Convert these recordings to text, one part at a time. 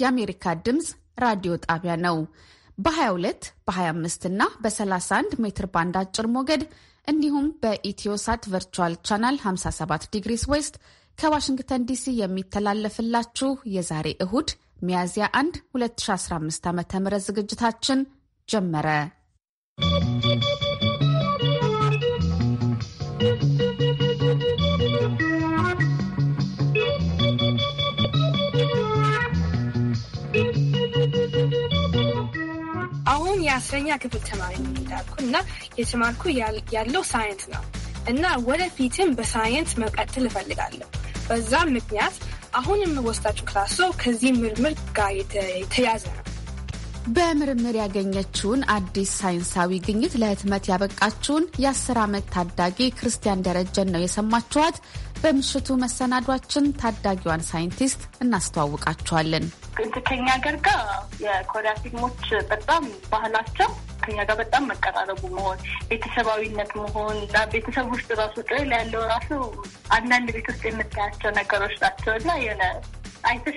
የአሜሪካ ድምፅ ራዲዮ ጣቢያ ነው። በ22 በ25 እና በ31 ሜትር ባንድ አጭር ሞገድ እንዲሁም በኢትዮሳት ቨርቹዋል ቻናል 57 ዲግሪስ ዌስት ከዋሽንግተን ዲሲ የሚተላለፍላችሁ የዛሬ እሁድ ሚያዝያ 1 2015 ዓ ም ዝግጅታችን ጀመረ። አስረኛ ክፍል ተማሪ እንዳልኩ እና የተማርኩ ያለው ሳይንስ ነው እና ወደፊትም በሳይንስ መቀጥል እፈልጋለሁ። በዛም ምክንያት አሁን የምወስዳቸው ክላሶ ከዚህ ምርምር ጋር የተያዘ ነው። በምርምር ያገኘችውን አዲስ ሳይንሳዊ ግኝት ለህትመት ያበቃችውን የአስር ዓመት ታዳጊ ክርስቲያን ደረጀን ነው የሰማችኋት። በምሽቱ መሰናዷችን ታዳጊዋን ሳይንቲስት እናስተዋውቃቸዋለን። ግን ከኛ ገር ጋ የኮሪያ ፊልሞች በጣም ባህላቸው ከኛ ጋር በጣም መቀራረቡ መሆን ቤተሰባዊነት መሆን እና ቤተሰብ ውስጥ ራሱ ጥል ያለው ራሱ አንዳንድ ቤት ውስጥ የምታያቸው ነገሮች ናቸው እና የሆነ አይተሽ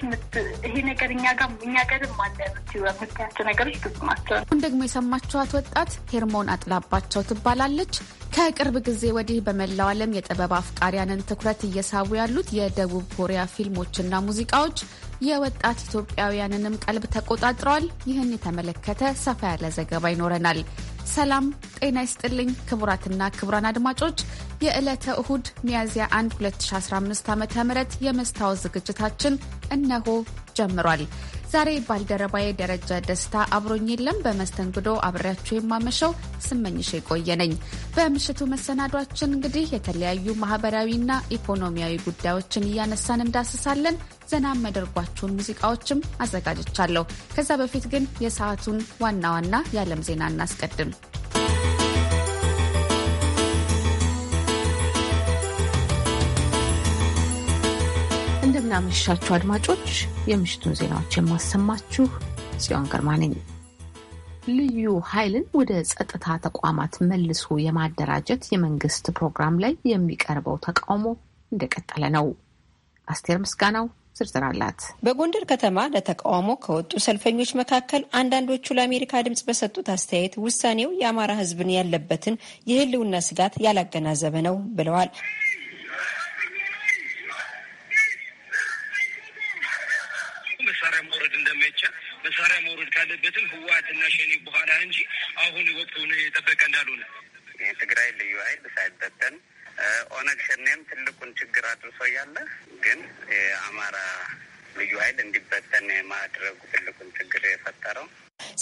ይሄ ነገር እኛ ጋር እኛ ጋርም አለ የምትያቸው ነገሮች ብዙ አሁን ደግሞ የሰማችኋት ወጣት ሄርሞን አጥላባቸው ትባላለች። ከቅርብ ጊዜ ወዲህ በመላው ዓለም የጥበብ አፍቃሪያንን ትኩረት እየሳቡ ያሉት የደቡብ ኮሪያ ፊልሞችና ሙዚቃዎች የወጣት ኢትዮጵያውያንንም ቀልብ ተቆጣጥረዋል። ይህን የተመለከተ ሰፋ ያለ ዘገባ ይኖረናል። ሰላም ጤና ይስጥልኝ ክቡራትና ክቡራን አድማጮች የዕለተ እሁድ ሚያዝያ 1 2015 ዓ ም የመስታወት ዝግጅታችን እነሆ ጀምሯል። ዛሬ ባልደረባዬ የደረጃ ደስታ አብሮኝ የለም። በመስተንግዶ አብሬያችሁ የማመሸው ስመኝሽ የቆየ ነኝ። በምሽቱ መሰናዷችን እንግዲህ የተለያዩ ማህበራዊና ኢኮኖሚያዊ ጉዳዮችን እያነሳን እንዳስሳለን። ዘና የሚያደርጓችሁን ሙዚቃዎችም አዘጋጅቻለሁ። ከዛ በፊት ግን የሰዓቱን ዋና ዋና የዓለም ዜና እናስቀድም። እንደምናመሻችሁ አድማጮች፣ የምሽቱን ዜናዎች የማሰማችሁ ጽዮን ግርማ ነኝ። ልዩ ኃይልን ወደ ጸጥታ ተቋማት መልሶ የማደራጀት የመንግስት ፕሮግራም ላይ የሚቀርበው ተቃውሞ እንደቀጠለ ነው። አስቴር ምስጋናው ዝርዝር አላት። በጎንደር ከተማ ለተቃውሞ ከወጡ ሰልፈኞች መካከል አንዳንዶቹ ለአሜሪካ ድምፅ በሰጡት አስተያየት ውሳኔው የአማራ ሕዝብን ያለበትን የህልውና ስጋት ያላገናዘበ ነው ብለዋል። መሳሪያ መውረድ እንደማይቻል መሳሪያ መውረድ ካለበትም ህወሓትና ሸኔ በኋላ እንጂ አሁን ወቅቱን የጠበቀ እንዳልሆነ የትግራይ ልዩ ኃይል ሳይበተን ኦነግ ሸኔም ትልቁን ችግር አድርሶ እያለ ግን የአማራ ልዩ ኃይል እንዲበተን የማድረጉ ትልቁን ችግር የፈጠረው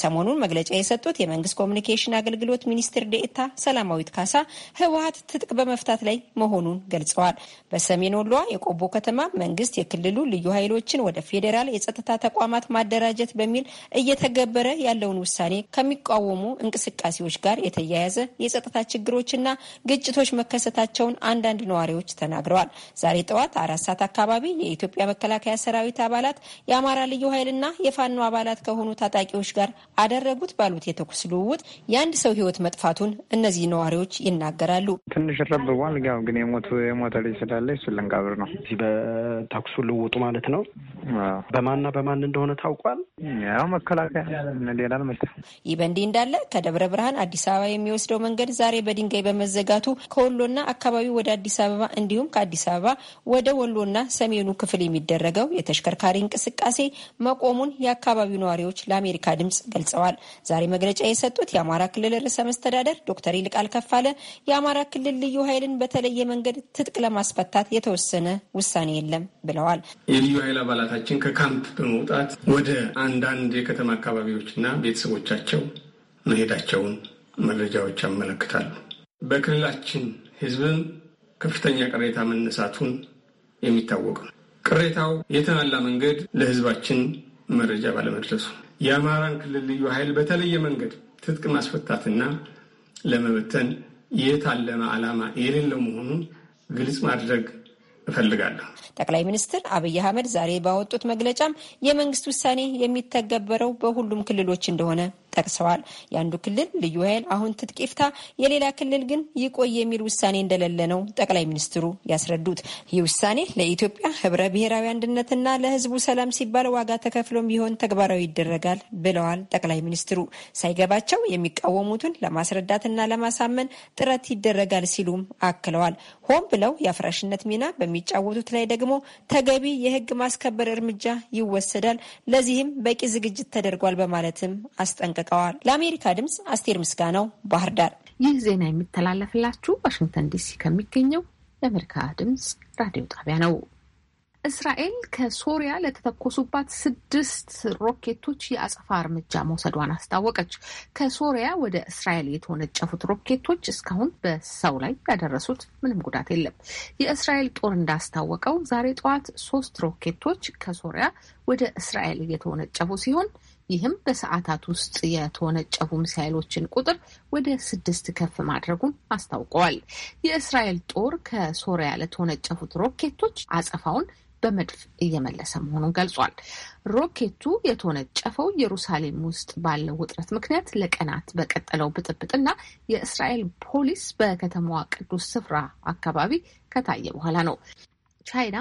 ሰሞኑን መግለጫ የሰጡት የመንግስት ኮሚኒኬሽን አገልግሎት ሚኒስትር ዴኤታ ሰላማዊት ካሳ ህወሀት ትጥቅ በመፍታት ላይ መሆኑን ገልጸዋል። በሰሜን ወሎ የቆቦ ከተማ መንግስት የክልሉ ልዩ ኃይሎችን ወደ ፌዴራል የጸጥታ ተቋማት ማደራጀት በሚል እየተገበረ ያለውን ውሳኔ ከሚቃወሙ እንቅስቃሴዎች ጋር የተያያዘ የጸጥታ ችግሮችና ግጭቶች መከሰታቸውን አንዳንድ ነዋሪዎች ተናግረዋል። ዛሬ ጠዋት አራት ሰዓት አካባቢ የኢትዮጵያ መከላከያ ሰራዊት አባላት የአማራ ልዩ ኃይልና የፋኖ አባላት ከሆኑ ታጣቂዎች ጋር ጋር አደረጉት ባሉት የተኩስ ልውውጥ የአንድ ሰው ህይወት መጥፋቱን እነዚህ ነዋሪዎች ይናገራሉ። ትንሽ ረብቧል፣ ያው ግን የሞቱ የሞተ ልጅ ስላለ እሱን ልንቀብር ነው። እዚህ በተኩሱ ልውውጡ ማለት ነው። በማንና በማን እንደሆነ ታውቋል። ያው መከላከያ ሌላ ልመ ይህ በእንዲህ እንዳለ ከደብረ ብርሃን አዲስ አበባ የሚወስደው መንገድ ዛሬ በድንጋይ በመዘጋቱ ከወሎና አካባቢው ወደ አዲስ አበባ እንዲሁም ከአዲስ አበባ ወደ ወሎና ሰሜኑ ክፍል የሚደረገው የተሽከርካሪ እንቅስቃሴ መቆሙን የአካባቢው ነዋሪዎች ለአሜሪካ ድምጽ ድምፅ ገልጸዋል። ዛሬ መግለጫ የሰጡት የአማራ ክልል ርዕሰ መስተዳደር ዶክተር ይልቃል ከፋለ የአማራ ክልል ልዩ ኃይልን በተለየ መንገድ ትጥቅ ለማስፈታት የተወሰነ ውሳኔ የለም ብለዋል። የልዩ ኃይል አባላታችን ከካምፕ በመውጣት ወደ አንዳንድ የከተማ አካባቢዎችና ቤተሰቦቻቸው መሄዳቸውን መረጃዎች ያመለክታሉ። በክልላችን ህዝብም ከፍተኛ ቅሬታ መነሳቱን የሚታወቅ ነው። ቅሬታው የተናላ መንገድ ለህዝባችን መረጃ ባለመድረሱ የአማራን ክልል ልዩ ኃይል በተለየ መንገድ ትጥቅ ማስፈታትና ለመበተን የታለመ ዓላማ የሌለው መሆኑን ግልጽ ማድረግ እፈልጋለሁ። ጠቅላይ ሚኒስትር አብይ አህመድ ዛሬ ባወጡት መግለጫም የመንግስት ውሳኔ የሚተገበረው በሁሉም ክልሎች እንደሆነ ጠቅሰዋል። የአንዱ ክልል ልዩ ኃይል አሁን ትጥቅ ይፍታ፣ የሌላ ክልል ግን ይቆይ የሚል ውሳኔ እንደሌለ ነው ጠቅላይ ሚኒስትሩ ያስረዱት። ይህ ውሳኔ ለኢትዮጵያ ህብረ ብሔራዊ አንድነትና ለህዝቡ ሰላም ሲባል ዋጋ ተከፍሎም ቢሆን ተግባራዊ ይደረጋል ብለዋል ጠቅላይ ሚኒስትሩ። ሳይገባቸው የሚቃወሙትን ለማስረዳትና ለማሳመን ጥረት ይደረጋል ሲሉም አክለዋል። ሆን ብለው የአፍራሽነት ሚና በሚጫወቱት ላይ ደግሞ ተገቢ የህግ ማስከበር እርምጃ ይወሰዳል፣ ለዚህም በቂ ዝግጅት ተደርጓል በማለትም አስጠንቀቀ። አስጠንቅቀዋል። ለአሜሪካ ድምፅ አስቴር ምስጋናው ባህር ዳር። ይህ ዜና የሚተላለፍላችሁ ዋሽንግተን ዲሲ ከሚገኘው የአሜሪካ ድምፅ ራዲዮ ጣቢያ ነው። እስራኤል ከሶሪያ ለተተኮሱባት ስድስት ሮኬቶች የአጸፋ እርምጃ መውሰዷን አስታወቀች። ከሶሪያ ወደ እስራኤል የተወነጨፉት ሮኬቶች እስካሁን በሰው ላይ ያደረሱት ምንም ጉዳት የለም። የእስራኤል ጦር እንዳስታወቀው ዛሬ ጠዋት ሶስት ሮኬቶች ከሶሪያ ወደ እስራኤል እየተወነጨፉ ሲሆን ይህም በሰዓታት ውስጥ የተወነጨፉ ሚሳይሎችን ቁጥር ወደ ስድስት ከፍ ማድረጉን አስታውቀዋል። የእስራኤል ጦር ከሶሪያ ለተወነጨፉት ሮኬቶች አጸፋውን በመድፍ እየመለሰ መሆኑን ገልጿል። ሮኬቱ የተወነጨፈው ኢየሩሳሌም ውስጥ ባለው ውጥረት ምክንያት ለቀናት በቀጠለው ብጥብጥና የእስራኤል ፖሊስ በከተማዋ ቅዱስ ስፍራ አካባቢ ከታየ በኋላ ነው። ቻይና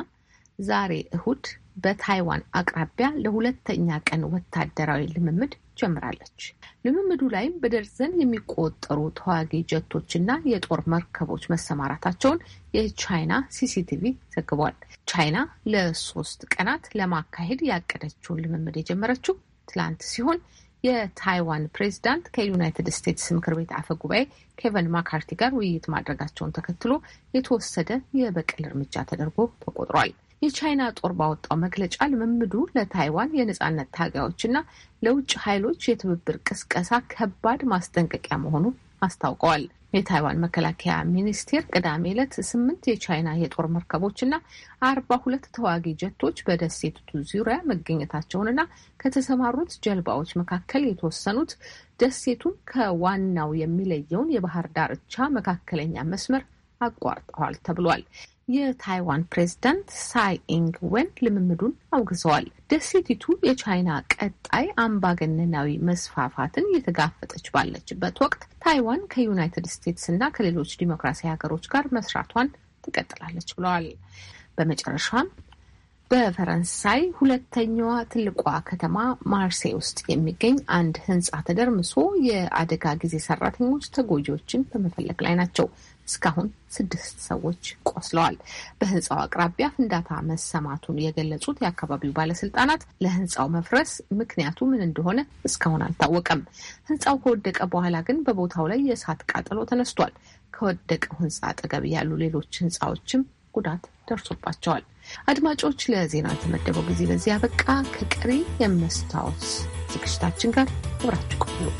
ዛሬ እሁድ በታይዋን አቅራቢያ ለሁለተኛ ቀን ወታደራዊ ልምምድ ጀምራለች። ልምምዱ ላይም በደርዘን የሚቆጠሩ ተዋጊ ጀቶችና የጦር መርከቦች መሰማራታቸውን የቻይና ሲሲቲቪ ዘግቧል። ቻይና ለሶስት ቀናት ለማካሄድ ያቀደችውን ልምምድ የጀመረችው ትላንት ሲሆን የታይዋን ፕሬዚዳንት ከዩናይትድ ስቴትስ ምክር ቤት አፈ ጉባኤ ኬቨን ማካርቲ ጋር ውይይት ማድረጋቸውን ተከትሎ የተወሰደ የበቀል እርምጃ ተደርጎ ተቆጥሯል። የቻይና ጦር ባወጣው መግለጫ ልምምዱ ለታይዋን የነጻነት ታጋዮችና ለውጭ ኃይሎች የትብብር ቅስቀሳ ከባድ ማስጠንቀቂያ መሆኑ አስታውቀዋል። የታይዋን መከላከያ ሚኒስቴር ቅዳሜ ዕለት ስምንት የቻይና የጦር መርከቦችና አርባ ሁለት ተዋጊ ጀቶች በደሴቱ ዙሪያ መገኘታቸውንና ከተሰማሩት ጀልባዎች መካከል የተወሰኑት ደሴቱን ከዋናው የሚለየውን የባህር ዳርቻ መካከለኛ መስመር አቋርጠዋል ተብሏል። የታይዋን ፕሬዝዳንት ሳይ ወን ልምምዱን አውግዘዋል። ደሴቲቱ የቻይና ቀጣይ አምባገነናዊ መስፋፋትን እየተጋፈጠች ባለችበት ወቅት ታይዋን ከዩናይትድ ስቴትስ እና ከሌሎች ዲሞክራሲያዊ ሀገሮች ጋር መስራቷን ትቀጥላለች ብለዋል። በመጨረሻም በፈረንሳይ ሁለተኛዋ ትልቋ ከተማ ማርሴይ ውስጥ የሚገኝ አንድ ሕንፃ ተደርምሶ የአደጋ ጊዜ ሰራተኞች ተጎጂዎችን በመፈለግ ላይ ናቸው። እስካሁን ስድስት ሰዎች ቆስለዋል። በህንፃው አቅራቢያ ፍንዳታ መሰማቱን የገለጹት የአካባቢው ባለስልጣናት ለህንፃው መፍረስ ምክንያቱ ምን እንደሆነ እስካሁን አልታወቀም። ህንፃው ከወደቀ በኋላ ግን በቦታው ላይ የእሳት ቃጠሎ ተነስቷል። ከወደቀው ህንፃ አጠገብ ያሉ ሌሎች ህንፃዎችም ጉዳት ደርሶባቸዋል። አድማጮች፣ ለዜና የተመደበው ጊዜ በዚህ አበቃ። ከቀሪ የመስታወት ዝግጅታችን ጋር አብራችሁ ቆዩ።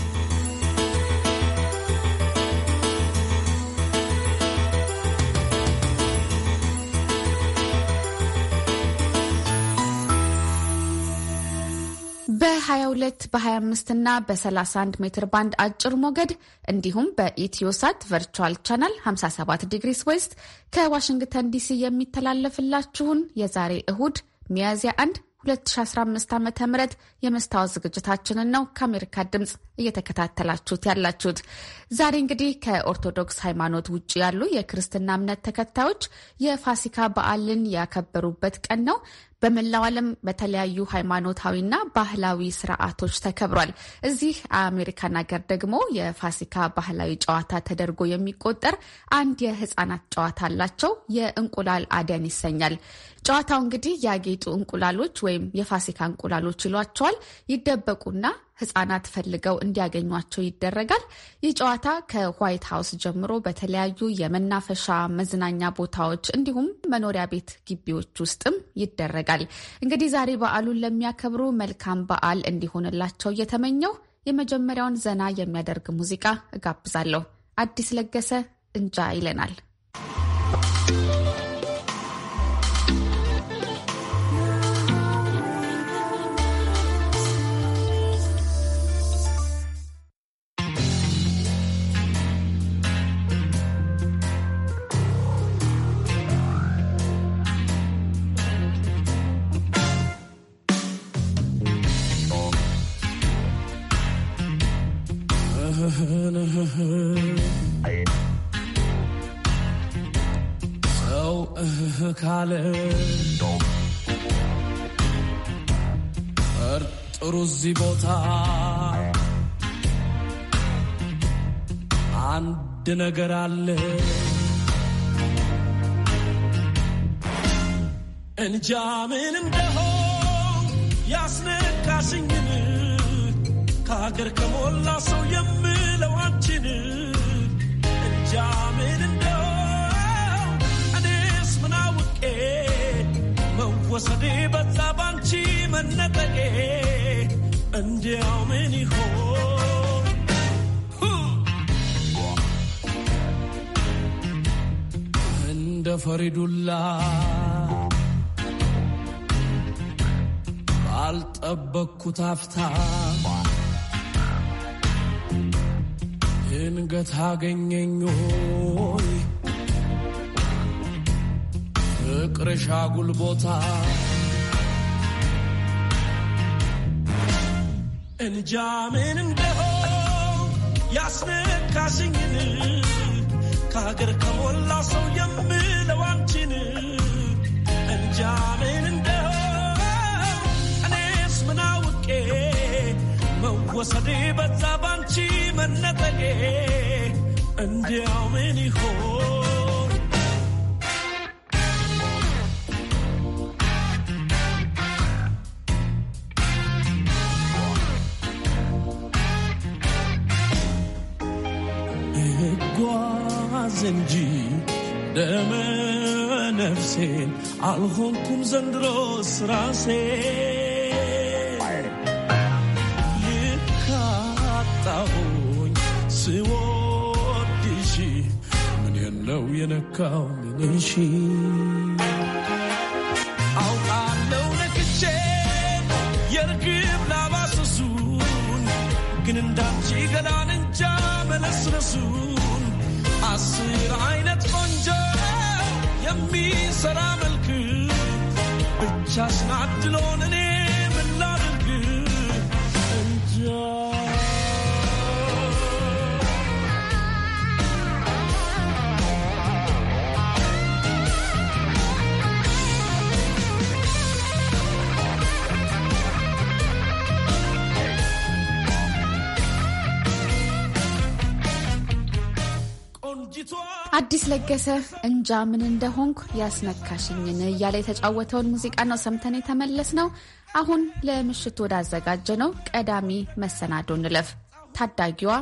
በ በ25 እና በ31 ሜትር ባንድ አጭር ሞገድ እንዲሁም በኢትዮሳት ቨርቹዋል ቻናል 57 ዲግሪስ ዌስት ከዋሽንግተን ዲሲ የሚተላለፍላችሁን የዛሬ እሁድ ሚያዝያ 1 2015 ዓ ም የመስታወት ዝግጅታችንን ነው ከአሜሪካ ድምፅ እየተከታተላችሁት ያላችሁት። ዛሬ እንግዲህ ከኦርቶዶክስ ሃይማኖት ውጭ ያሉ የክርስትና እምነት ተከታዮች የፋሲካ በዓልን ያከበሩበት ቀን ነው። በመላው ዓለም በተለያዩ ሃይማኖታዊና ባህላዊ ስርዓቶች ተከብሯል። እዚህ አሜሪካን ሀገር ደግሞ የፋሲካ ባህላዊ ጨዋታ ተደርጎ የሚቆጠር አንድ የህፃናት ጨዋታ አላቸው። የእንቁላል አደን ይሰኛል። ጨዋታው እንግዲህ ያጌጡ እንቁላሎች ወይም የፋሲካ እንቁላሎች ይሏቸዋል። ይደበቁና ህጻናት ፈልገው እንዲያገኟቸው ይደረጋል። ይህ ጨዋታ ከዋይት ሀውስ ጀምሮ በተለያዩ የመናፈሻ መዝናኛ ቦታዎች እንዲሁም መኖሪያ ቤት ግቢዎች ውስጥም ይደረጋል። እንግዲህ ዛሬ በዓሉን ለሚያከብሩ መልካም በዓል እንዲሆንላቸው እየተመኘው የመጀመሪያውን ዘና የሚያደርግ ሙዚቃ እጋብዛለሁ። አዲስ ለገሰ እንጃ ይለናል። እዚህ ቦታ አንድ ነገር አለ እንጃ ምን እንደሆን ያስነካሽኝን ከሀገር ከሞላ ሰው የምለው አንቺን እንጃ ምን እንደሆን እኔስ ምናውቄ መወሰዴ በዛ ባንቺ መነጠቄ እንዲያው ምን እንደ ፈሪዱላ ባልጠበቅኩት አፍታ ድንገት አገኘኝ ፍቅርሽ አጉል ቦታ እንጃ ምን እንደሆን ያስነካሽኝን ከሀገር ከሞላ ሰው የምለው አንቺን እንጃ ምን እንደሆን እኔስ ምናውቄ መወሰዴ በዛ ባንቺ መነጠቄ እንዲያው ምን ይሆን ራሴን አልሆንኩም ዘንድሮስ ራሴ ልካጣሁኝ ስወድሽ ምን የለው የነካው ምንሽ አውቃለው ነክቼ የርግብ ላባስሱን ግን እንዳንቺ ገና እንጃ መለስለሱን አስር አይነት ቆንጆ የሚሰራ መልክ ብቻ ስናድሎን እኔ አዲስ ለገሰ እንጃ ምን እንደሆንኩ ያስነካሽኝን እያለ የተጫወተውን ሙዚቃ ነው ሰምተን የተመለስ ነው። አሁን ለምሽቱ ወዳዘጋጀ ነው ቀዳሚ መሰናዶ እንለፍ። ታዳጊዋ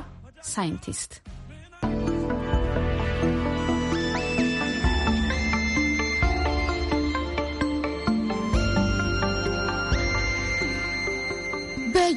ሳይንቲስት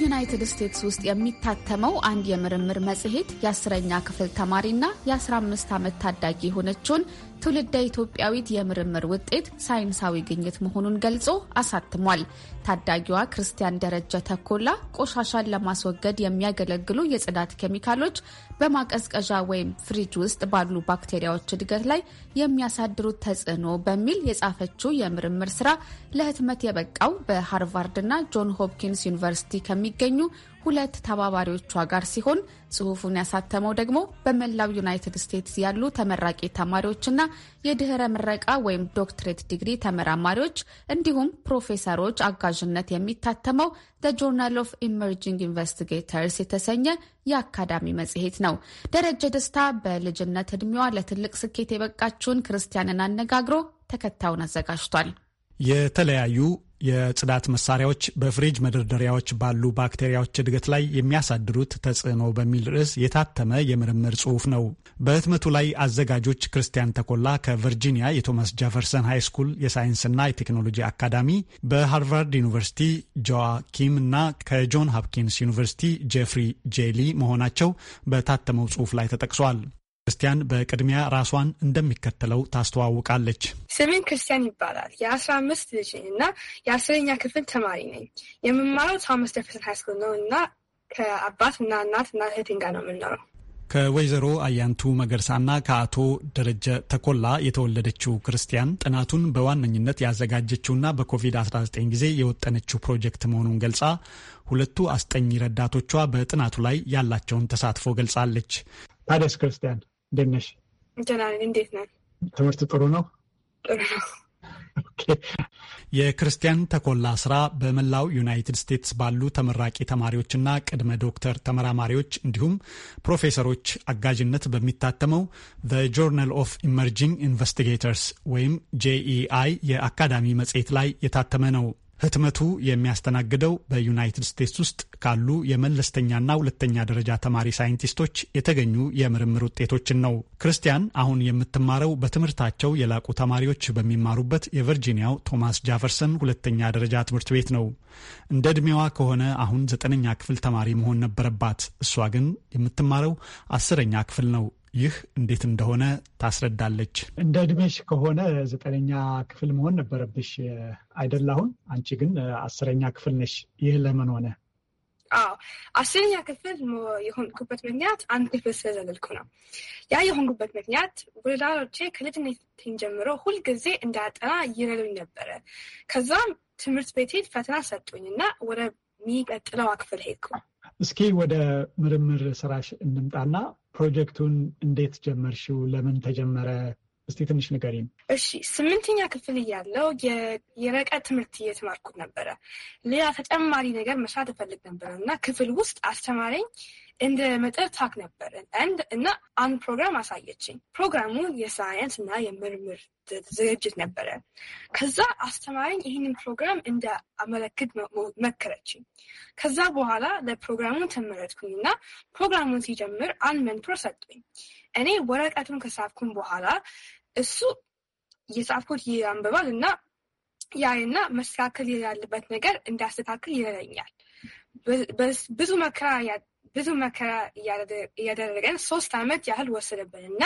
ዩናይትድ ስቴትስ ውስጥ የሚታተመው አንድ የምርምር መጽሔት የአስረኛ ክፍል ተማሪና የ15 ዓመት ታዳጊ የሆነችውን ትውልደ ኢትዮጵያዊት የምርምር ውጤት ሳይንሳዊ ግኝት መሆኑን ገልጾ አሳትሟል። ታዳጊዋ ክርስቲያን ደረጀ ተኮላ ቆሻሻን ለማስወገድ የሚያገለግሉ የጽዳት ኬሚካሎች በማቀዝቀዣ ወይም ፍሪጅ ውስጥ ባሉ ባክቴሪያዎች እድገት ላይ የሚያሳድሩት ተጽዕኖ በሚል የጻፈችው የምርምር ስራ ለህትመት የበቃው በሃርቫርድ እና ጆን ሆፕኪንስ ዩኒቨርሲቲ ከሚገኙ ሁለት ተባባሪዎቿ ጋር ሲሆን ጽሁፉን ያሳተመው ደግሞ በመላው ዩናይትድ ስቴትስ ያሉ ተመራቂ ተማሪዎችና የድህረ ምረቃ ወይም ዶክትሬት ዲግሪ ተመራማሪዎች እንዲሁም ፕሮፌሰሮች አጋዥነት የሚታተመው ዘ ጆርናል ኦፍ ኢመርጂንግ ኢንቨስቲጌተርስ የተሰኘ የአካዳሚ መጽሔት ነው። ደረጀ ደስታ በልጅነት ዕድሜዋ ለትልቅ ስኬት የበቃችውን ክርስቲያንን አነጋግሮ ተከታዩን አዘጋጅቷል። የተለያዩ የጽዳት መሳሪያዎች በፍሪጅ መደርደሪያዎች ባሉ ባክቴሪያዎች እድገት ላይ የሚያሳድሩት ተጽዕኖ በሚል ርዕስ የታተመ የምርምር ጽሑፍ ነው። በህትመቱ ላይ አዘጋጆች ክርስቲያን ተኮላ ከቨርጂኒያ የቶማስ ጀፈርሰን ሃይ ስኩል የሳይንስና የቴክኖሎጂ አካዳሚ፣ በሃርቫርድ ዩኒቨርሲቲ ጆዋ ኪም እና ከጆን ሀፕኪንስ ዩኒቨርሲቲ ጄፍሪ ጄሊ መሆናቸው በታተመው ጽሑፍ ላይ ተጠቅሷል። ክርስቲያን በቅድሚያ ራሷን እንደሚከተለው ታስተዋውቃለች። ስሜን ክርስቲያን ይባላል። የአስራ አምስት ልጅ እና የአስረኛ ክፍል ተማሪ ነኝ። የምማረው ቶማስ ጀፈርሰን ሃይስኩል ነው እና ከአባት እና እናት እና እህቴን ጋር ነው የምንኖረው። ከወይዘሮ አያንቱ መገርሳና ከአቶ ደረጀ ተኮላ የተወለደችው ክርስቲያን ጥናቱን በዋነኝነት ያዘጋጀችውና በኮቪድ-19 ጊዜ የወጠነችው ፕሮጀክት መሆኑን ገልጻ ሁለቱ አስጠኝ ረዳቶቿ በጥናቱ ላይ ያላቸውን ተሳትፎ ገልጻለች። ታዲያስ ክርስቲያን እንዴት ነሽ? ደህና ነኝ። እንዴት ነን? ትምህርት ጥሩ ነው? ጥሩ ነው። የክርስቲያን ተኮላ ስራ በመላው ዩናይትድ ስቴትስ ባሉ ተመራቂ ተማሪዎችና ቅድመ ዶክተር ተመራማሪዎች እንዲሁም ፕሮፌሰሮች አጋዥነት በሚታተመው ዘ ጆርናል ኦፍ ኢመርጂንግ ኢንቨስቲጌተርስ ወይም ጄኢአይ e የአካዳሚ መጽሔት ላይ የታተመ ነው። ህትመቱ የሚያስተናግደው በዩናይትድ ስቴትስ ውስጥ ካሉ የመለስተኛና ሁለተኛ ደረጃ ተማሪ ሳይንቲስቶች የተገኙ የምርምር ውጤቶችን ነው። ክርስቲያን አሁን የምትማረው በትምህርታቸው የላቁ ተማሪዎች በሚማሩበት የቨርጂኒያው ቶማስ ጃፈርሰን ሁለተኛ ደረጃ ትምህርት ቤት ነው። እንደ ዕድሜዋ ከሆነ አሁን ዘጠነኛ ክፍል ተማሪ መሆን ነበረባት። እሷ ግን የምትማረው አስረኛ ክፍል ነው። ይህ እንዴት እንደሆነ ታስረዳለች። እንደ እድሜሽ ከሆነ ዘጠነኛ ክፍል መሆን ነበረብሽ አይደል? አሁን አንቺ ግን አስረኛ ክፍል ነሽ። ይህ ለምን ሆነ? አዎ አስረኛ ክፍል የሆንኩበት ምክንያት አንድ ክፍል ስለዘለልኩ ነው። ያ የሆንኩበት ምክንያት ወላጆቼ ከልጅነቴን ጀምሮ ሁልጊዜ እንዳጠና ይረሉኝ ነበረ። ከዛም ትምህርት ቤት ፈተና ሰጡኝ እና ወደ ሚቀጥለው ክፍል ሄድኩ። እስኪ ወደ ምርምር ስራሽ እንምጣና ፕሮጀክቱን እንዴት ጀመርሽው? ለምን ተጀመረ? እስቲ ትንሽ ንገሪኝ። እሺ፣ ስምንተኛ ክፍል እያለሁ የርቀት ትምህርት እየተማርኩት ነበረ። ሌላ ተጨማሪ ነገር መስራት እፈልግ ነበረ እና ክፍል ውስጥ አስተማሪኝ እንደ መጠር መጠርታክ ነበር እና አንድ ፕሮግራም አሳየችኝ። ፕሮግራሙ የሳይንስ እና የምርምር ዝግጅት ነበረ። ከዛ አስተማሪኝ ይህንን ፕሮግራም እንደ አመለክት መከረችኝ። ከዛ በኋላ ለፕሮግራሙን ተመረጥኩኝ እና ፕሮግራሙን ሲጀምር አንድ መንቶር ሰጡኝ። እኔ ወረቀቱን ከሳፍኩኝ በኋላ እሱ የጻፍኩት ያንብባል እና ያይና መስተካከል ያለበት ነገር እንዳስተካከል ይረዳኛል። ብዙ መከራ ብዙ መከራ እያደረገን ሶስት ዓመት ያህል ወሰደብን እና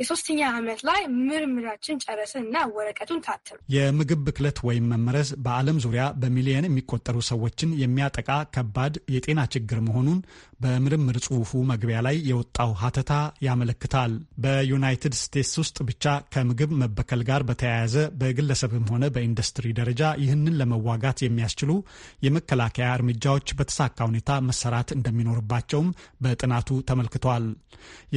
የሶስተኛ ዓመት ላይ ምርምራችን ጨረስን እና ወረቀቱን ታተም። የምግብ ብክለት ወይም መመረዝ በዓለም ዙሪያ በሚሊየን የሚቆጠሩ ሰዎችን የሚያጠቃ ከባድ የጤና ችግር መሆኑን በምርምር ጽሑፉ መግቢያ ላይ የወጣው ሀተታ ያመለክታል። በዩናይትድ ስቴትስ ውስጥ ብቻ ከምግብ መበከል ጋር በተያያዘ በግለሰብም ሆነ በኢንዱስትሪ ደረጃ ይህንን ለመዋጋት የሚያስችሉ የመከላከያ እርምጃዎች በተሳካ ሁኔታ መሰራት እንደሚኖርባቸው መሆናቸውም በጥናቱ ተመልክቷል።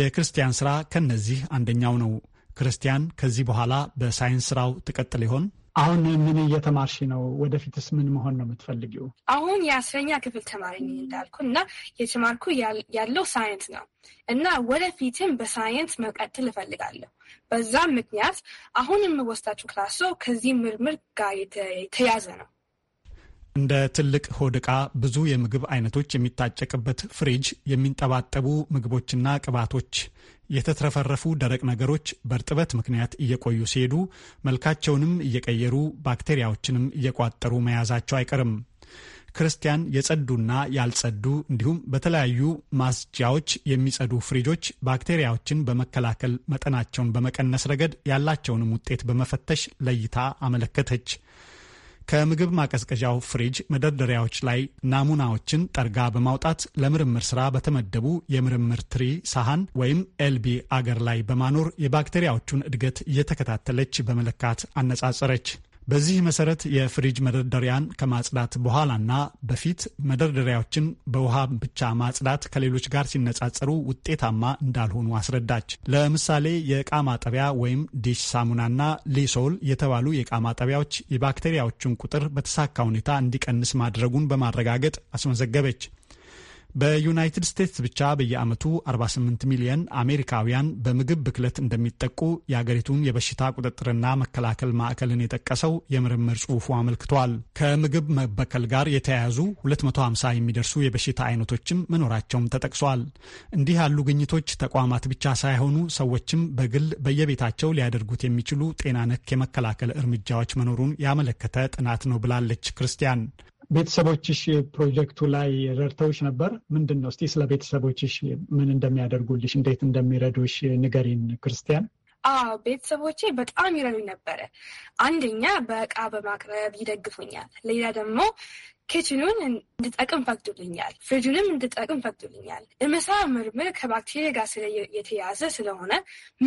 የክርስቲያን ስራ ከነዚህ አንደኛው ነው። ክርስቲያን ከዚህ በኋላ በሳይንስ ስራው ትቀጥል ይሆን? አሁን ምን እየተማርሽ ነው? ወደፊትስ ምን መሆን ነው የምትፈልጊው? አሁን የአስረኛ ክፍል ተማሪ ነኝ እንዳልኩ እና የተማርኩ ያለው ሳይንስ ነው እና ወደፊትም በሳይንስ መቀጥል እፈልጋለሁ። በዛም ምክንያት አሁን የምወስዳቸው ክላሶ ከዚህ ምርምር ጋር የተያዘ ነው እንደ ትልቅ ሆድ ዕቃ ብዙ የምግብ አይነቶች የሚታጨቅበት ፍሪጅ፣ የሚንጠባጠቡ ምግቦችና ቅባቶች፣ የተትረፈረፉ ደረቅ ነገሮች በእርጥበት ምክንያት እየቆዩ ሲሄዱ መልካቸውንም እየቀየሩ ባክቴሪያዎችንም እየቋጠሩ መያዛቸው አይቀርም። ክርስቲያን የጸዱና ያልጸዱ እንዲሁም በተለያዩ ማጽጃዎች የሚጸዱ ፍሪጆች ባክቴሪያዎችን በመከላከል መጠናቸውን በመቀነስ ረገድ ያላቸውንም ውጤት በመፈተሽ ለይታ አመለከተች። ከምግብ ማቀዝቀዣው ፍሪጅ መደርደሪያዎች ላይ ናሙናዎችን ጠርጋ በማውጣት ለምርምር ስራ በተመደቡ የምርምር ትሪ ሳህን ወይም ኤልቢ አገር ላይ በማኖር የባክቴሪያዎቹን እድገት እየተከታተለች በመለካት አነጻጸረች። በዚህ መሰረት የፍሪጅ መደርደሪያን ከማጽዳት በኋላና በፊት መደርደሪያዎችን በውሃ ብቻ ማጽዳት ከሌሎች ጋር ሲነጻጸሩ ውጤታማ እንዳልሆኑ አስረዳች። ለምሳሌ የእቃ ማጠቢያ ወይም ዲሽ ሳሙናና ሊሶል የተባሉ የእቃ ማጠቢያዎች የባክቴሪያዎቹን ቁጥር በተሳካ ሁኔታ እንዲቀንስ ማድረጉን በማረጋገጥ አስመዘገበች። በዩናይትድ ስቴትስ ብቻ በየዓመቱ 48 ሚሊዮን አሜሪካውያን በምግብ ብክለት እንደሚጠቁ የአገሪቱን የበሽታ ቁጥጥርና መከላከል ማዕከልን የጠቀሰው የምርምር ጽሑፉ አመልክቷል። ከምግብ መበከል ጋር የተያያዙ 250 የሚደርሱ የበሽታ አይነቶችም መኖራቸውም ተጠቅሷል። እንዲህ ያሉ ግኝቶች ተቋማት ብቻ ሳይሆኑ ሰዎችም በግል በየቤታቸው ሊያደርጉት የሚችሉ ጤና ነክ የመከላከል እርምጃዎች መኖሩን ያመለከተ ጥናት ነው ብላለች ክርስቲያን። ቤተሰቦችሽ ፕሮጀክቱ ላይ ረድተውሽ ነበር? ምንድን ነው እስቲ ስለ ቤተሰቦችሽ ምን እንደሚያደርጉልሽ እንዴት እንደሚረዱሽ ንገሪን ክርስቲያን። አዎ ቤተሰቦቼ በጣም ይረዱኝ ነበረ። አንደኛ በእቃ በማቅረብ ይደግፉኛል። ሌላ ደግሞ ኪችኑን እንድጠቅም ፈቅዱልኛል። ፍሪጁንም እንድጠቅም ፈቅዱልኛል። የምሳ ምርምር ከባክቴሪያ ጋር የተያዘ ስለሆነ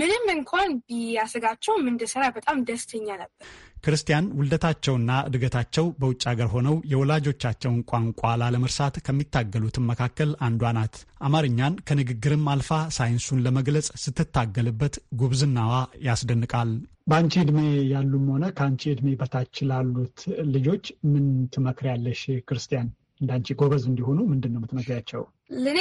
ምንም እንኳን ቢያሰጋቸውም እንድሰራ በጣም ደስተኛ ነበር። ክርስቲያን ውልደታቸውና እድገታቸው በውጭ አገር ሆነው የወላጆቻቸውን ቋንቋ ላለመርሳት ከሚታገሉትም መካከል አንዷ ናት። አማርኛን ከንግግርም አልፋ ሳይንሱን ለመግለጽ ስትታገልበት ጉብዝናዋ ያስደንቃል። በአንቺ እድሜ ያሉም ሆነ ከአንቺ እድሜ በታች ላሉት ልጆች ምን ትመክሪያለሽ ክርስቲያን? እንዳንቺ ጎበዝ እንዲሆኑ ምንድን ነው የምትመክሪያቸው? ለእኔ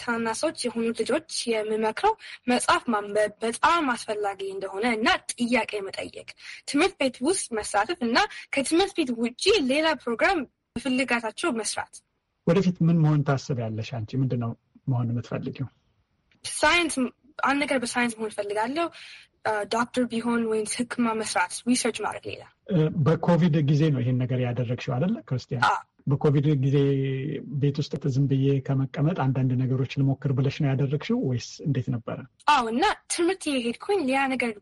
ታናናሾች የሆኑ ልጆች የምመክረው መጽሐፍ ማንበብ በጣም አስፈላጊ እንደሆነ እና ጥያቄ መጠየቅ፣ ትምህርት ቤት ውስጥ መሳተፍ እና ከትምህርት ቤት ውጪ ሌላ ፕሮግራም በፍልጋታቸው መስራት። ወደፊት ምን መሆን ታስቢያለሽ? አንቺ ምንድን ነው መሆን የምትፈልጊው? ሳይንስ፣ አንድ ነገር በሳይንስ መሆን እፈልጋለሁ። ዶክተር ቢሆን ወይም ህክማ መስራት፣ ሪሰርች ማድረግ ሌላ። በኮቪድ ጊዜ ነው ይሄን ነገር ያደረግሽው አይደለ ክርስቲያን? በኮቪድ ጊዜ ቤት ውስጥ ዝም ብዬ ከመቀመጥ አንዳንድ ነገሮች ልሞክር ብለሽ ነው ያደረግሽው ወይስ እንዴት ነበረ? አዎ እና ትምህርት የሄድኩኝ ሌላ ነገር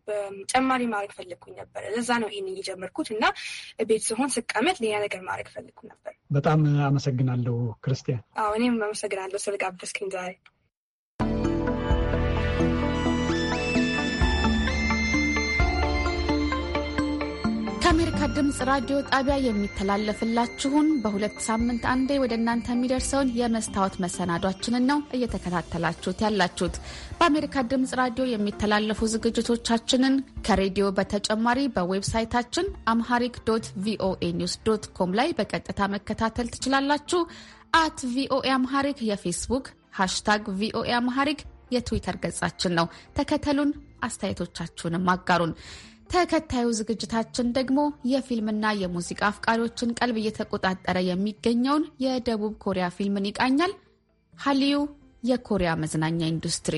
ጨማሪ ማድረግ ፈለግኩኝ ነበር። ለዛ ነው ይህን እየጀመርኩት እና ቤት ስሆን ስቀመጥ ሌላ ነገር ማድረግ ፈለግኩ ነበር። በጣም አመሰግናለሁ ክርስቲያን። አዎ እኔም አመሰግናለሁ ስለጋበዝከኝ ዛሬ። ድምፅ ራዲዮ ጣቢያ የሚተላለፍላችሁን በሁለት ሳምንት አንዴ ወደ እናንተ የሚደርሰውን የመስታወት መሰናዷችንን ነው እየተከታተላችሁት ያላችሁት። በአሜሪካ ድምፅ ራዲዮ የሚተላለፉ ዝግጅቶቻችንን ከሬዲዮ በተጨማሪ በዌብሳይታችን አምሃሪክ ዶት ቪኦኤ ኒውስ ዶት ኮም ላይ በቀጥታ መከታተል ትችላላችሁ። አት ቪኦኤ አምሃሪክ የፌስቡክ ሃሽታግ ቪኦኤ አምሃሪክ የትዊተር ገጻችን ነው። ተከተሉን፣ አስተያየቶቻችሁንም አጋሩን። ተከታዩ ዝግጅታችን ደግሞ የፊልምና የሙዚቃ አፍቃሪዎችን ቀልብ እየተቆጣጠረ የሚገኘውን የደቡብ ኮሪያ ፊልምን ይቃኛል። ሀሊዩ የኮሪያ መዝናኛ ኢንዱስትሪ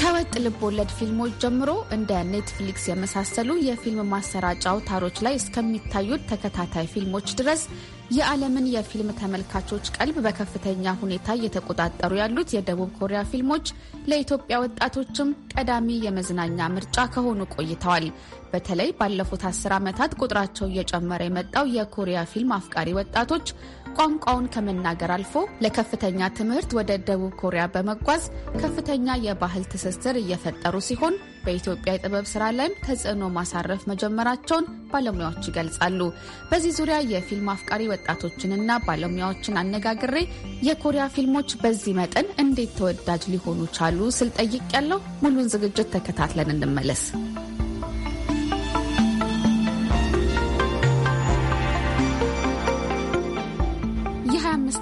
ከወጥ ልቦለድ ፊልሞች ጀምሮ እንደ ኔትፍሊክስ የመሳሰሉ የፊልም ማሰራጫ አውታሮች ላይ እስከሚታዩት ተከታታይ ፊልሞች ድረስ የዓለምን የፊልም ተመልካቾች ቀልብ በከፍተኛ ሁኔታ እየተቆጣጠሩ ያሉት የደቡብ ኮሪያ ፊልሞች ለኢትዮጵያ ወጣቶችም ቀዳሚ የመዝናኛ ምርጫ ከሆኑ ቆይተዋል። በተለይ ባለፉት አስር ዓመታት ቁጥራቸው እየጨመረ የመጣው የኮሪያ ፊልም አፍቃሪ ወጣቶች ቋንቋውን ከመናገር አልፎ ለከፍተኛ ትምህርት ወደ ደቡብ ኮሪያ በመጓዝ ከፍተኛ የባህል ትስስር እየፈጠሩ ሲሆን በኢትዮጵያ የጥበብ ስራ ላይም ተጽዕኖ ማሳረፍ መጀመራቸውን ባለሙያዎች ይገልጻሉ። በዚህ ዙሪያ የፊልም አፍቃሪ ወጣቶችንና ባለሙያዎችን አነጋግሬ የኮሪያ ፊልሞች በዚህ መጠን እንዴት ተወዳጅ ሊሆኑ ቻሉ ስል ያለው ሙሉን ዝግጅት ተከታትለን እንመለስ።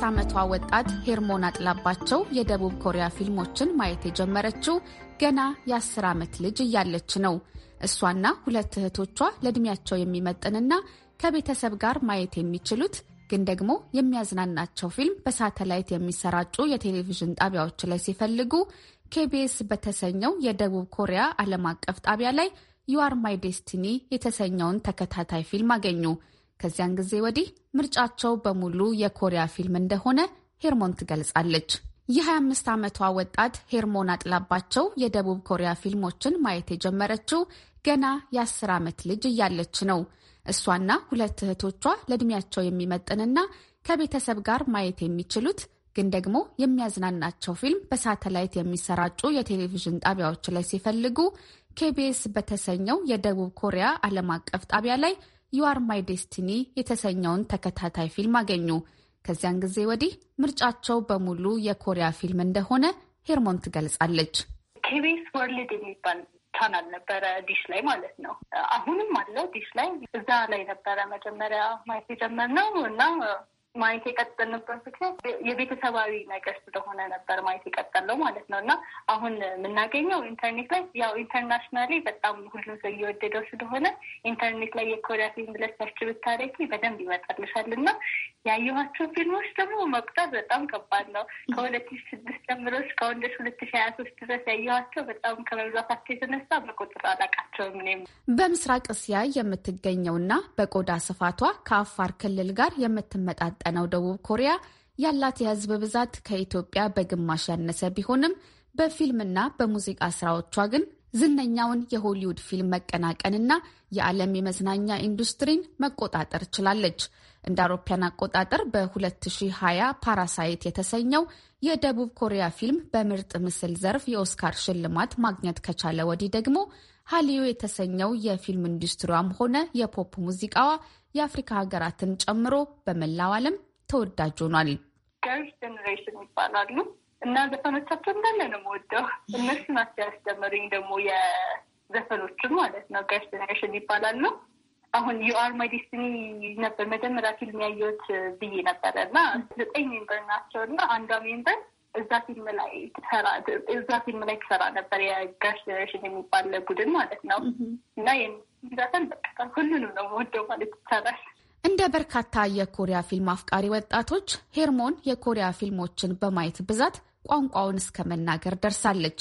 ዓመቷ ወጣት ሄርሞን አጥላባቸው የደቡብ ኮሪያ ፊልሞችን ማየት የጀመረችው ገና የአስር ዓመት ልጅ እያለች ነው። እሷና ሁለት እህቶቿ ለዕድሜያቸው የሚመጥንና ከቤተሰብ ጋር ማየት የሚችሉት ግን ደግሞ የሚያዝናናቸው ፊልም በሳተላይት የሚሰራጩ የቴሌቪዥን ጣቢያዎች ላይ ሲፈልጉ ኬቢኤስ በተሰኘው የደቡብ ኮሪያ ዓለም አቀፍ ጣቢያ ላይ ዩአር ማይ ዴስቲኒ የተሰኘውን ተከታታይ ፊልም አገኙ። ከዚያን ጊዜ ወዲህ ምርጫቸው በሙሉ የኮሪያ ፊልም እንደሆነ ሄርሞን ትገልጻለች። የ25 ዓመቷ ወጣት ሄርሞን አጥላባቸው የደቡብ ኮሪያ ፊልሞችን ማየት የጀመረችው ገና የ10 ዓመት ልጅ እያለች ነው። እሷና ሁለት እህቶቿ ለዕድሜያቸው የሚመጥንና ከቤተሰብ ጋር ማየት የሚችሉት ግን ደግሞ የሚያዝናናቸው ፊልም በሳተላይት የሚሰራጩ የቴሌቪዥን ጣቢያዎች ላይ ሲፈልጉ ኬቢኤስ በተሰኘው የደቡብ ኮሪያ ዓለም አቀፍ ጣቢያ ላይ ዩአር ማይ ዴስቲኒ የተሰኘውን ተከታታይ ፊልም አገኙ። ከዚያን ጊዜ ወዲህ ምርጫቸው በሙሉ የኮሪያ ፊልም እንደሆነ ሄርሞን ትገልጻለች። ኬቤስ ወርልድ የሚባል ቻናል ነበረ ዲሽ ላይ ማለት ነው። አሁንም አለው ዲሽ ላይ። እዛ ላይ ነበረ መጀመሪያ ማየት የጀመርነው እና ማየት የቀጠልንበት ምክንያት የቤተሰባዊ ነገር ስለሆነ ነበር ማየት የቀጠለው ማለት ነው። እና አሁን የምናገኘው ኢንተርኔት ላይ ያው ኢንተርናሽናሊ በጣም ሁሉም ሰው እየወደደው ስለሆነ ኢንተርኔት ላይ የኮሪያ ፊልም ብለሽ ሰርች ብታደርጊ በደንብ ይመጣልሻል። እና ያየኋቸው ፊልሞች ደግሞ መቁጠር በጣም ከባድ ነው። ከሁለት ሺ ስድስት ጀምሮ እስካሁን ድረስ ሁለት ሺ ሀያ ሶስት ድረስ ያየኋቸው በጣም ከመብዛታቸው የተነሳ በቁጥር አላቃቸውም። እኔም በምስራቅ እስያ የምትገኘውና በቆዳ ስፋቷ ከአፋር ክልል ጋር የምትመጣ የተፋጠነው ደቡብ ኮሪያ ያላት የህዝብ ብዛት ከኢትዮጵያ በግማሽ ያነሰ ቢሆንም በፊልምና በሙዚቃ ስራዎቿ ግን ዝነኛውን የሆሊውድ ፊልም መቀናቀንና የዓለም የመዝናኛ ኢንዱስትሪን መቆጣጠር ችላለች። እንደ አውሮፓያን አቆጣጠር በ2020 ፓራሳይት የተሰኘው የደቡብ ኮሪያ ፊልም በምርጥ ምስል ዘርፍ የኦስካር ሽልማት ማግኘት ከቻለ ወዲህ ደግሞ ሀሊዮ የተሰኘው የፊልም ኢንዱስትሪዋም ሆነ የፖፕ ሙዚቃዋ የአፍሪካ ሀገራትን ጨምሮ በመላው ዓለም ተወዳጅ ሆኗል። ገርልስ ጀኔሬሽን ይባላሉ እና ዘፈኖቻቸው እንዳለ ነው የምወደው። እነሱ ናቸው ያስጀመሩኝ ደግሞ የዘፈኖቹን ማለት ነው። ገርልስ ጀኔሬሽን ይባላሉ። አሁን ዩአር ማይ ዴስቲኒ ነበር መጀመሪያ ፊልም ያየሁት ብዬ ነበረ እና ዘጠኝ ሜምበር ናቸው እና አንዷ ሜምበር እዛ ፊልም ላይ ትሰራ እዛ ፊልም ላይ ትሰራ ነበር የጋሽ ጀኔሬሽን የሚባል ቡድን ማለት ነው እና ዛተን በቃ ሁሉንም ነው መወደው ማለት ይቻላል። እንደ በርካታ የኮሪያ ፊልም አፍቃሪ ወጣቶች ሄርሞን የኮሪያ ፊልሞችን በማየት ብዛት ቋንቋውን እስከ መናገር ደርሳለች።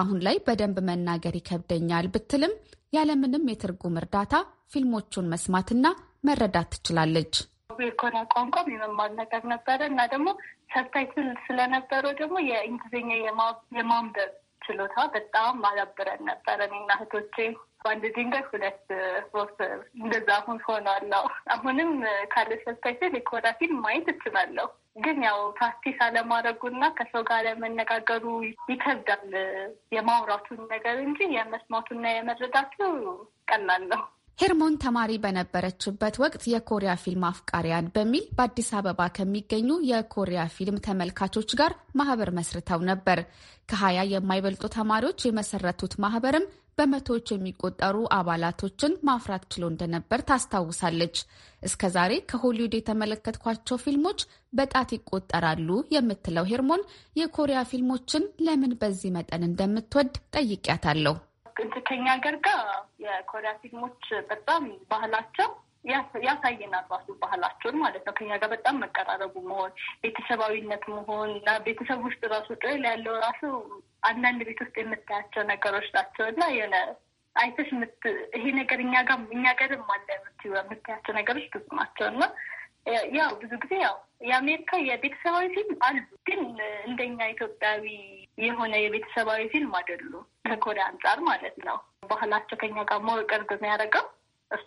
አሁን ላይ በደንብ መናገር ይከብደኛል ብትልም ያለምንም የትርጉም እርዳታ ፊልሞቹን መስማትና መረዳት ትችላለች። የኮሪያ ቋንቋ የመማር ነገር ነበረ እና ደግሞ ሰብታይትል ስለነበረው ደግሞ የእንግሊዝኛ የማንበብ ችሎታ በጣም አዳብረን ነበረ እኔና እህቶቼ በአንድ ድንጋይ ሁለት ሶስት እንደዛ አሁን ሆኗለው። አሁንም ካለ ሰልታይተል ፊልም ማየት እችላለሁ፣ ግን ያው ፕራክቲስ አለማድረጉና ከሰው ጋር አለመነጋገሩ ይከብዳል። የማውራቱን ነገር እንጂ የመስማቱና የመረዳቱ ቀላል ነው። ሄርሞን ተማሪ በነበረችበት ወቅት የኮሪያ ፊልም አፍቃሪያን በሚል በአዲስ አበባ ከሚገኙ የኮሪያ ፊልም ተመልካቾች ጋር ማህበር መስርተው ነበር። ከሀያ የማይበልጡ ተማሪዎች የመሰረቱት ማህበርም በመቶዎች የሚቆጠሩ አባላቶችን ማፍራት ችሎ እንደነበር ታስታውሳለች። እስከ ዛሬ ከሆሊውድ የተመለከትኳቸው ፊልሞች በጣት ይቆጠራሉ የምትለው ሄርሞን የኮሪያ ፊልሞችን ለምን በዚህ መጠን እንደምትወድ ጠይቂያታለሁ። ግን ከኛ ሀገር ጋር የኮሪያ ፊልሞች በጣም ባህላቸው ያሳየናል ራሱ ባህላቸውን ማለት ነው። ከኛ ጋር በጣም መቀራረቡ መሆን ቤተሰባዊነት መሆን እና ቤተሰብ ውስጥ ራሱ ጥል ያለው ራሱ አንዳንድ ቤት ውስጥ የምታያቸው ነገሮች ናቸው እና የሆነ አይተሽ ይሄ ነገር እኛ ጋር እኛ ጋርም አለ የምታያቸው ነገሮች ብዙ ናቸው እና ያው ብዙ ጊዜ ያው የአሜሪካ የቤተሰባዊ ፊልም አሉ፣ ግን እንደኛ ኢትዮጵያዊ የሆነ የቤተሰባዊ ፊልም አይደሉም። ከኮሪያ አንጻር ማለት ነው። ባህላቸው ከኛ ጋር ሞር ነው ያደረገው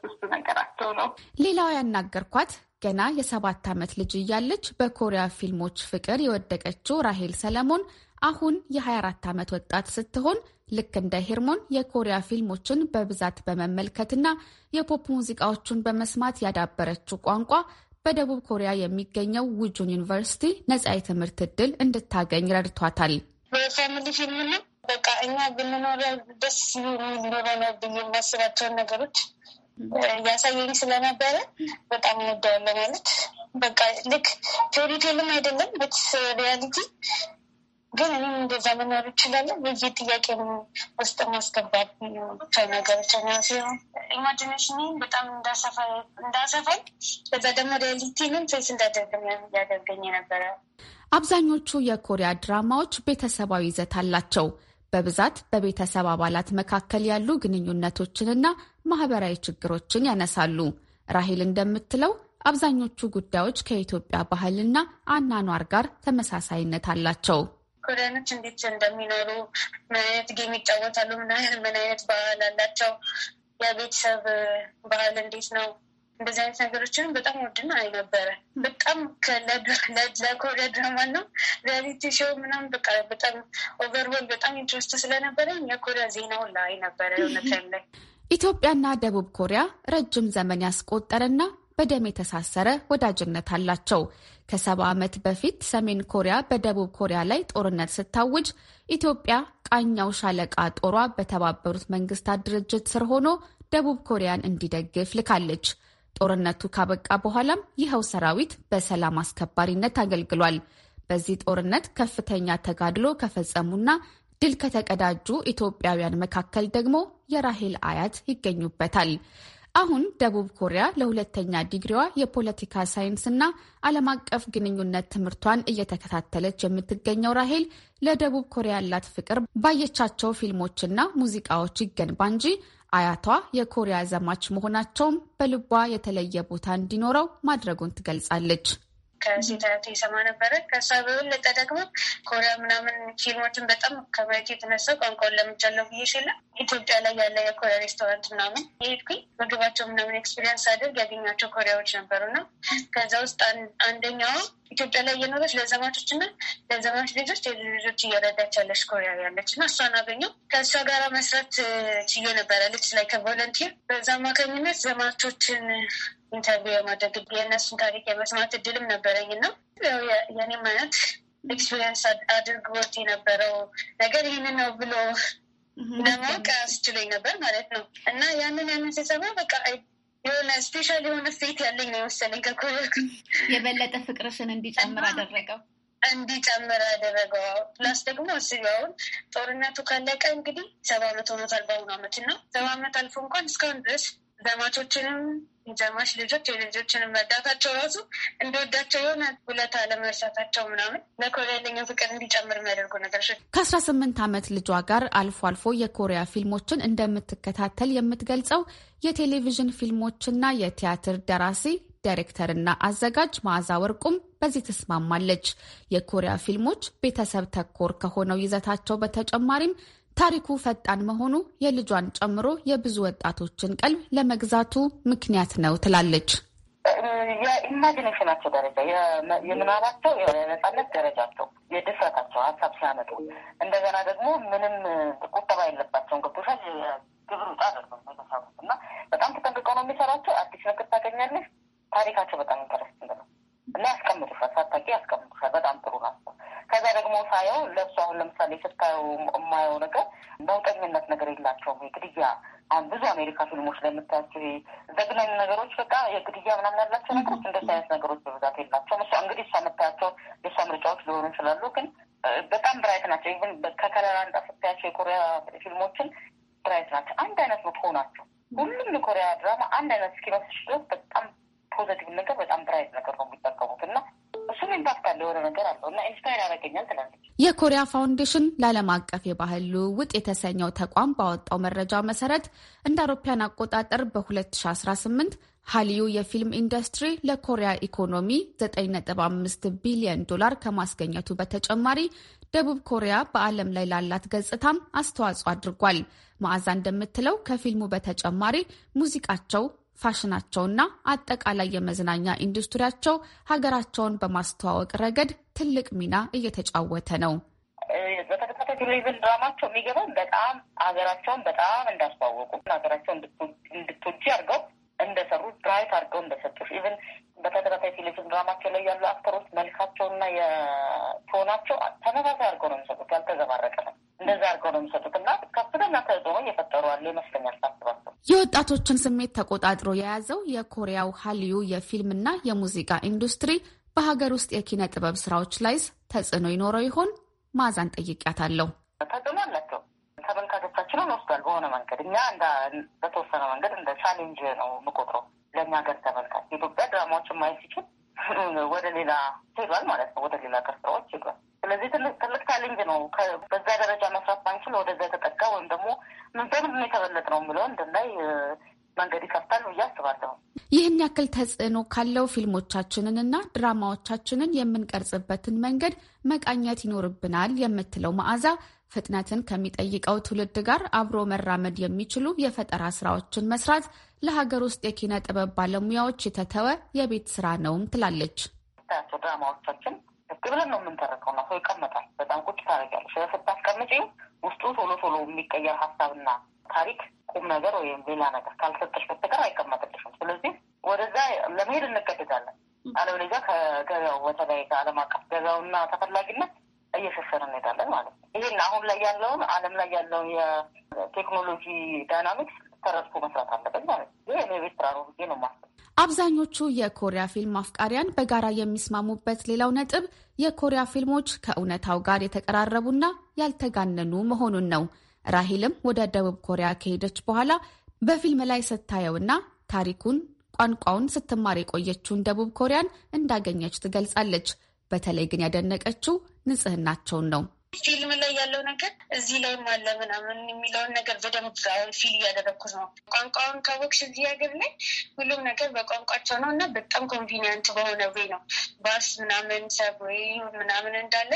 እሱ ነገራቸው ነው። ሌላው ያናገርኳት ገና የሰባት ዓመት ልጅ እያለች በኮሪያ ፊልሞች ፍቅር የወደቀችው ራሄል ሰለሞን አሁን የ24 ዓመት ወጣት ስትሆን ልክ እንደ ሄርሞን የኮሪያ ፊልሞችን በብዛት በመመልከትና የፖፕ ሙዚቃዎቹን በመስማት ያዳበረችው ቋንቋ በደቡብ ኮሪያ የሚገኘው ውጁን ዩኒቨርሲቲ ነጻ የትምህርት እድል እንድታገኝ ረድቷታል። በፋሚሊ ፊልምና በቃ እኛ ብንኖረ ደስ ነው ብዬ የሚያስባቸውን ነገሮች ያሳየኝ ስለነበረ በጣም ወደዋለሁ። ማለት በቃ ልክ ፌሪቴልም አይደለም በትስ ሪያሊቲ ግን እኔም እንደዛ መኖር ይችላለ በየ ጥያቄ ውስጥ ማስገባት ቻው ነገሮች ሲሆን ኢማጂኔሽን በጣም እንዳሰፋኝ በዛ ደግሞ ሪያሊቲንም ፌስ እንዳደርግም እያደርገኝ ነበረ። አብዛኞቹ የኮሪያ ድራማዎች ቤተሰባዊ ይዘት አላቸው። በብዛት በቤተሰብ አባላት መካከል ያሉ ግንኙነቶችንና ማህበራዊ ችግሮችን ያነሳሉ። ራሄል እንደምትለው አብዛኞቹ ጉዳዮች ከኢትዮጵያ ባህልና አናኗር ጋር ተመሳሳይነት አላቸው። ኮሪያኖች እንዴት እንደሚኖሩ፣ ምን አይነት ጌም ይጫወታሉ፣ ምን አይነት ባህል አላቸው፣ የቤተሰብ ባህል እንዴት ነው እንደዚህ አይነት ነገሮችንም በጣም ወድና አይነበረ በጣም ለድራማ ነው ሪያሊቲ ሾው ምናም በቃ በጣም ኦቨርወል በጣም ኢንትረስት ስለነበረ የኮሪያ ዜናውን ላይ ነበረ ታይም ላይ ኢትዮጵያና ደቡብ ኮሪያ ረጅም ዘመን ያስቆጠረና በደም የተሳሰረ ወዳጅነት አላቸው። ከሰባ ዓመት በፊት ሰሜን ኮሪያ በደቡብ ኮሪያ ላይ ጦርነት ስታውጅ ኢትዮጵያ ቃኛው ሻለቃ ጦሯ በተባበሩት መንግስታት ድርጅት ስር ሆኖ ደቡብ ኮሪያን እንዲደግፍ ልካለች። ጦርነቱ ካበቃ በኋላም ይኸው ሰራዊት በሰላም አስከባሪነት አገልግሏል። በዚህ ጦርነት ከፍተኛ ተጋድሎ ከፈጸሙና ድል ከተቀዳጁ ኢትዮጵያውያን መካከል ደግሞ የራሄል አያት ይገኙበታል። አሁን ደቡብ ኮሪያ ለሁለተኛ ዲግሪዋ የፖለቲካ ሳይንስና ዓለም አቀፍ ግንኙነት ትምህርቷን እየተከታተለች የምትገኘው ራሄል ለደቡብ ኮሪያ ያላት ፍቅር ባየቻቸው ፊልሞችና ሙዚቃዎች ይገንባ እንጂ አያቷ የኮሪያ ዘማች መሆናቸውም በልቧ የተለየ ቦታ እንዲኖረው ማድረጉን ትገልጻለች። ከሴት እህቴ ሰማ ነበረ። ከእሷ በበለጠ ደግሞ ኮሪያ ምናምን ፊልሞችን በጣም ከማየት የተነሳ ቋንቋውን ለምቻለው ብዬ ኢትዮጵያ ላይ ያለ የኮሪያ ሬስቶራንት ምናምን የሄድኩኝ ምግባቸው ምናምን ኤክስፒሪየንስ አድርግ ያገኛቸው ኮሪያዎች ነበሩና ከዛ ውስጥ አንደኛው ኢትዮጵያ ላይ እየኖረች ለዘማቾች እና ለዘማች ልጆች ልጆች እየረዳች ያለች ኮሪያ ያለች እና እሷን አገኘው ከእሷ ጋር መስራት ችዬ ነበረ ልጅ ላይ ከቮለንቲር በዛ አማካኝነት ዘማቾችን ኢንተርቪው የማድረግ የእነሱን ታሪክ የመስማት እድልም ነበረኝ እና የኔም አይነት ኤክስፒሪየንስ አድርጎት የነበረው ነገር ይህንን ነው ብሎ ለማወቅ አስችሎኝ ነበር ማለት ነው እና ያንን ያንን ሲሰማ በቃ የሆነ ስፔሻል የሆነ ፌት ያለኝ ነው መሰለኝ። ከኮረኩ የበለጠ ፍቅርሽን እንዲጨምር አደረገው እንዲጨምር አደረገው። ፕላስ ደግሞ እስያውን ጦርነቱ ካለቀ እንግዲህ ሰባ አመት ሆኖታል። በአሁኑ ዓመት ነው ሰባ አመት አልፎ እንኳን እስካሁን ድረስ ዘማቾችንም ጀማሽ ልጆች የልጆችንም መዳታቸው ራሱ እንደወዳቸው የሆነ ውለታ ለመርሳታቸው ምናምን ለኮሪያ ያለኛው ፍቅር እንዲጨምር የሚያደርጉ ነገሮች። ከአስራ ስምንት ዓመት ልጇ ጋር አልፎ አልፎ የኮሪያ ፊልሞችን እንደምትከታተል የምትገልጸው የቴሌቪዥን ፊልሞችና የቲያትር ደራሲ ዳይሬክተርና አዘጋጅ መዓዛ ወርቁም በዚህ ትስማማለች። የኮሪያ ፊልሞች ቤተሰብ ተኮር ከሆነው ይዘታቸው በተጨማሪም ታሪኩ ፈጣን መሆኑ የልጇን ጨምሮ የብዙ ወጣቶችን ቀልብ ለመግዛቱ ምክንያት ነው ትላለች። የኢማጂኔሽናቸው ደረጃ የምናባቸው የነጻነት ደረጃቸው የድፍረታቸው ሀሳብ ሲያመጡ እንደገና ደግሞ ምንም ቁጠባ የለባቸውን ገብቶሻል። ግብር ውጣ አደርገው እና በጣም ተጠንቅቀው ነው የሚሰራቸው። አዲስ ነገር ታገኛለች። ታሪካቸው በጣም ኢንተረስት ነው። እና ያስቀምጡሻል፣ ሳታውቂ ያስቀምጡሻል። በጣም ጥሩ ናቸው። ከዛ ደግሞ ሳየው ለእሱ አሁን ለምሳሌ ስታየው የማየው ነገር ነውጠኝነት ነገር የላቸውም። የግድያ አሁን ብዙ አሜሪካ ፊልሞች ላይ የምታያቸው ይሄ ዘግናኝ ነገሮች በቃ የግድያ ምናምን ያላቸው ነገሮች እንደዚህ አይነት ነገሮች በብዛት የላቸውም። እሷ እንግዲህ እሷ የምታያቸው የእሷ ምርጫዎች ሊሆኑ ይችላሉ፣ ግን በጣም ብራይት ናቸው። ኢቨን ከከለር አንጻር ስታያቸው የኮሪያ ፊልሞችን ብራይት ናቸው። አንድ አይነት ምትሆ ናቸው። ሁሉም የኮሪያ ድራማ አንድ አይነት እስኪመስልሽ ድረስ በጣም ፖዘቲቭ ነገር በጣም ብራይት ነገር ነው የሚጠቀሙት እና እሱም ኢምፓክት አለ የሆነ ነገር አለው እና ኢንስፓየር ያደረገኛል ትላለች። የኮሪያ ፋውንዴሽን ለዓለም አቀፍ የባህል ልውውጥ የተሰኘው ተቋም ባወጣው መረጃ መሰረት እንደ አውሮፓያን አቆጣጠር በ2018 ሀሊዩ የፊልም ኢንዱስትሪ ለኮሪያ ኢኮኖሚ 9.5 ቢሊዮን ዶላር ከማስገኘቱ በተጨማሪ ደቡብ ኮሪያ በዓለም ላይ ላላት ገጽታም አስተዋጽኦ አድርጓል። መዓዛ እንደምትለው ከፊልሙ በተጨማሪ ሙዚቃቸው ፋሽናቸውና አጠቃላይ የመዝናኛ ኢንዱስትሪያቸው ሀገራቸውን በማስተዋወቅ ረገድ ትልቅ ሚና እየተጫወተ ነው። በተከታታይ ቴሌቪዥን ድራማቸው የሚገባው በጣም ሀገራቸውን በጣም እንዳስተዋወቁ ሀገራቸው እንድትወጂ አድርገው እንደሰሩ ብራይት አድርገው እንደሰጡሽ ኢቨን በተከታታይ ቴሌቪዥን ድራማቸው ላይ ያሉ አክተሮች መልካቸውና የቶናቸው ተመሳሳይ አድርገው ነው የሚሰጡት። ያልተዘባረቀ ነው። እንደዛ አድርገው ነው የሚሰጡት እና ከፍተኛ ተጽዕኖ እየፈጠሩ ያለ ይመስለኛል ሳስባቸው። የወጣቶችን ስሜት ተቆጣጥሮ የያዘው የኮሪያው ሀልዩ የፊልምና የሙዚቃ ኢንዱስትሪ በሀገር ውስጥ የኪነ ጥበብ ስራዎች ላይስ ተጽዕኖ ይኖረው ይሆን? ማዛን ጠይቂያታለሁ። ተጽዕኖ አላቸው ተመልካቾ ቁጥርን ወስዷል። በሆነ መንገድ እኛ በተወሰነ መንገድ እንደ ቻሌንጅ ነው የምቆጥረው ለእኛ ሀገር ተመልካች ኢትዮጵያ ድራማዎችን ማየት ሲችል ወደ ሌላ ሄዷል ማለት ነው። ወደ ሌላ ሀገር ስራዎች ሄዷል። ስለዚህ ትልቅ ቻሌንጅ ነው። በዛ ደረጃ መስራት ባንችል ወደዛ የተጠጋ ወይም ደግሞ በምንድን የተበለጥ ነው የሚለው እንድናይ መንገድ ይከፍታል ብዬ አስባለሁ። ይህን ያክል ተጽዕኖ ካለው ፊልሞቻችንን እና ድራማዎቻችንን የምንቀርጽበትን መንገድ መቃኘት ይኖርብናል የምትለው መዓዛ ፍጥነትን ከሚጠይቀው ትውልድ ጋር አብሮ መራመድ የሚችሉ የፈጠራ ስራዎችን መስራት ለሀገር ውስጥ የኪነ ጥበብ ባለሙያዎች የተተወ የቤት ስራ ነውም ትላለች። ድራማዎቻችን ህግ ብለን ነው የምንተረከው እና ሰው ይቀመጣል። በጣም ቁጭ ታደርጊያለሽ። ስታስቀምጪ ውስጡ ቶሎ ቶሎ የሚቀየር ሀሳብና ታሪክ፣ ቁም ነገር ወይም ሌላ ነገር ካልሰጠሽ በስተቀር አይቀመጥልሽም። ስለዚህ ወደዛ ለመሄድ እንገደዳለን። አለበለዚያ ከገበያው በተለይ ከዓለም አቀፍ ገበያውና ተፈላጊነት እየሸሸን እንሄዳለን ማለት ነው። ይህን አሁን ላይ ያለውን ዓለም ላይ ያለውን የቴክኖሎጂ ዳይናሚክስ ተረድፎ መስራት አለበት ማለት ነው። ይህ የቤት ስራ ነው ብዬ ነው የማስበው። አብዛኞቹ የኮሪያ ፊልም አፍቃሪያን በጋራ የሚስማሙበት ሌላው ነጥብ የኮሪያ ፊልሞች ከእውነታው ጋር የተቀራረቡና ያልተጋነኑ መሆኑን ነው። ራሂልም ወደ ደቡብ ኮሪያ ከሄደች በኋላ በፊልም ላይ ስታየውና ታሪኩን፣ ቋንቋውን ስትማር የቆየችውን ደቡብ ኮሪያን እንዳገኘች ትገልጻለች። በተለይ ግን ያደነቀችው ንጽህናቸውን ነው። ፊልም ላይ ያለው ነገር እዚህ ላይም አለ ምናምን የሚለውን ነገር በደንብ ፊል እያደረግኩት ነው። ቋንቋውን ካወቅሽ እዚህ ሀገር ላይ ሁሉም ነገር በቋንቋቸው ነው እና በጣም ኮንቪኒንት በሆነ ወይ ነው ባስ ምናምን ሰብወይ ምናምን እንዳለ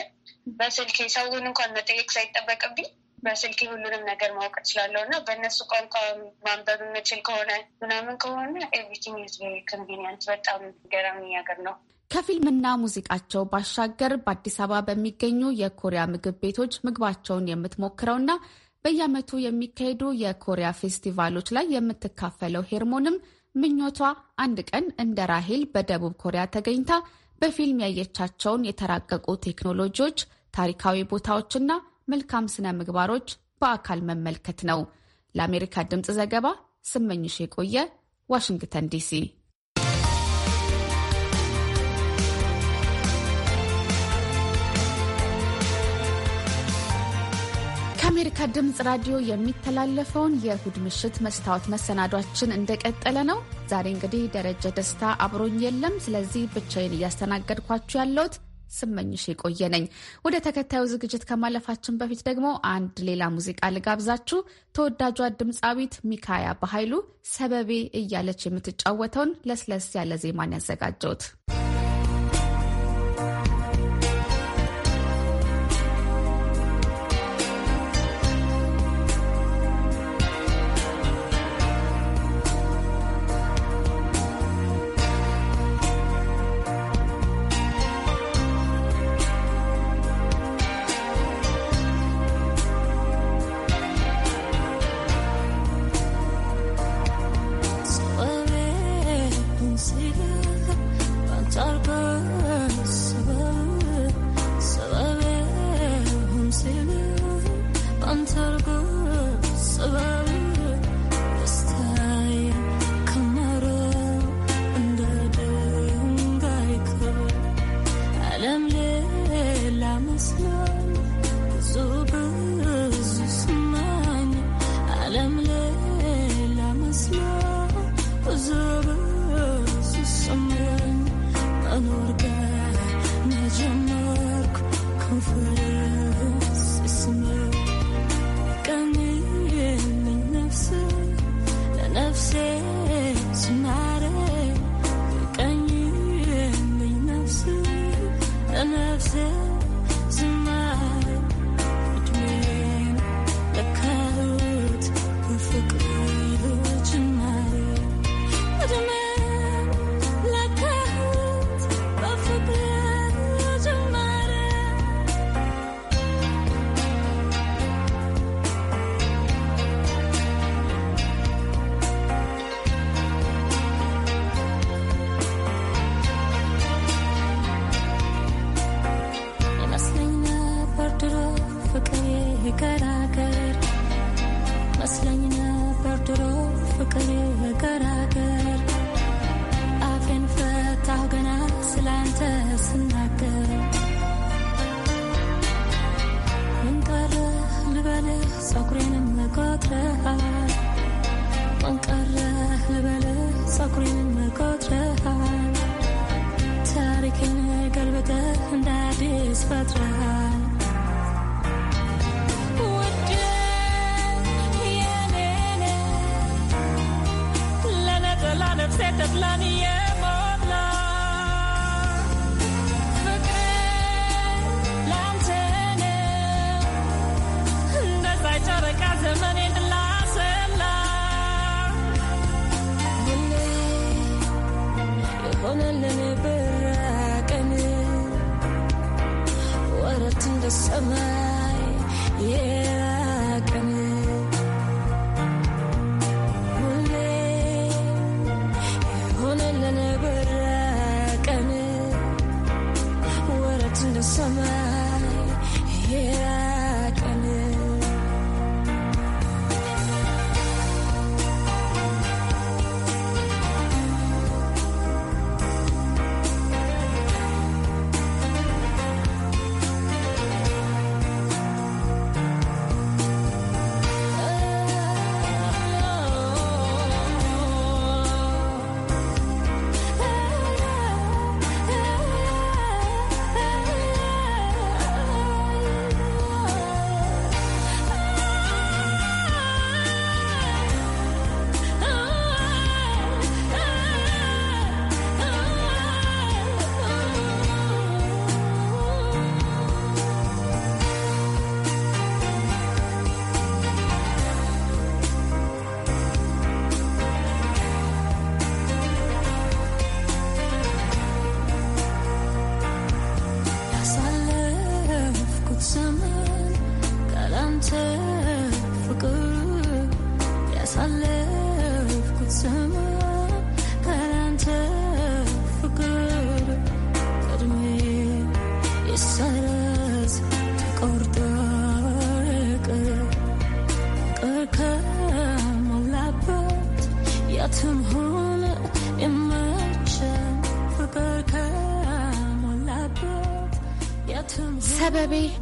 በስልኬ ሰውን እንኳን መጠየቅ ሳይጠበቅብኝ በስልኬ ሁሉንም ነገር ማወቅ እችላለሁ እና በእነሱ ቋንቋ ማንበብ የምችል ከሆነ ምናምን ከሆነ ኤቭሪቲንግ ኢዝ ቬሪ በጣም ገራሚ ሀገር ነው። ከፊልምና ሙዚቃቸው ባሻገር በአዲስ አበባ በሚገኙ የኮሪያ ምግብ ቤቶች ምግባቸውን የምትሞክረውና በየዓመቱ የሚካሄዱ የኮሪያ ፌስቲቫሎች ላይ የምትካፈለው ሄርሞንም ምኞቷ አንድ ቀን እንደ ራሄል በደቡብ ኮሪያ ተገኝታ በፊልም ያየቻቸውን የተራቀቁ ቴክኖሎጂዎች፣ ታሪካዊ ቦታዎችና መልካም ስነ ምግባሮች በአካል መመልከት ነው። ለአሜሪካ ድምፅ ዘገባ ስመኝሽ የቆየ ዋሽንግተን ዲሲ። ከአሜሪካ ድምፅ ራዲዮ የሚተላለፈውን የእሁድ ምሽት መስታወት መሰናዷችን እንደቀጠለ ነው። ዛሬ እንግዲህ ደረጀ ደስታ አብሮኝ የለም። ስለዚህ ብቻዬን እያስተናገድኳችሁ ያለሁት ስመኝሽ የቆየ ነኝ። ወደ ተከታዩ ዝግጅት ከማለፋችን በፊት ደግሞ አንድ ሌላ ሙዚቃ ልጋብዛችሁ። ተወዳጇ ድምፃዊት ሚካያ በኃይሉ ሰበቤ እያለች የምትጫወተውን ለስለስ ያለ ዜማን ያዘጋጀውት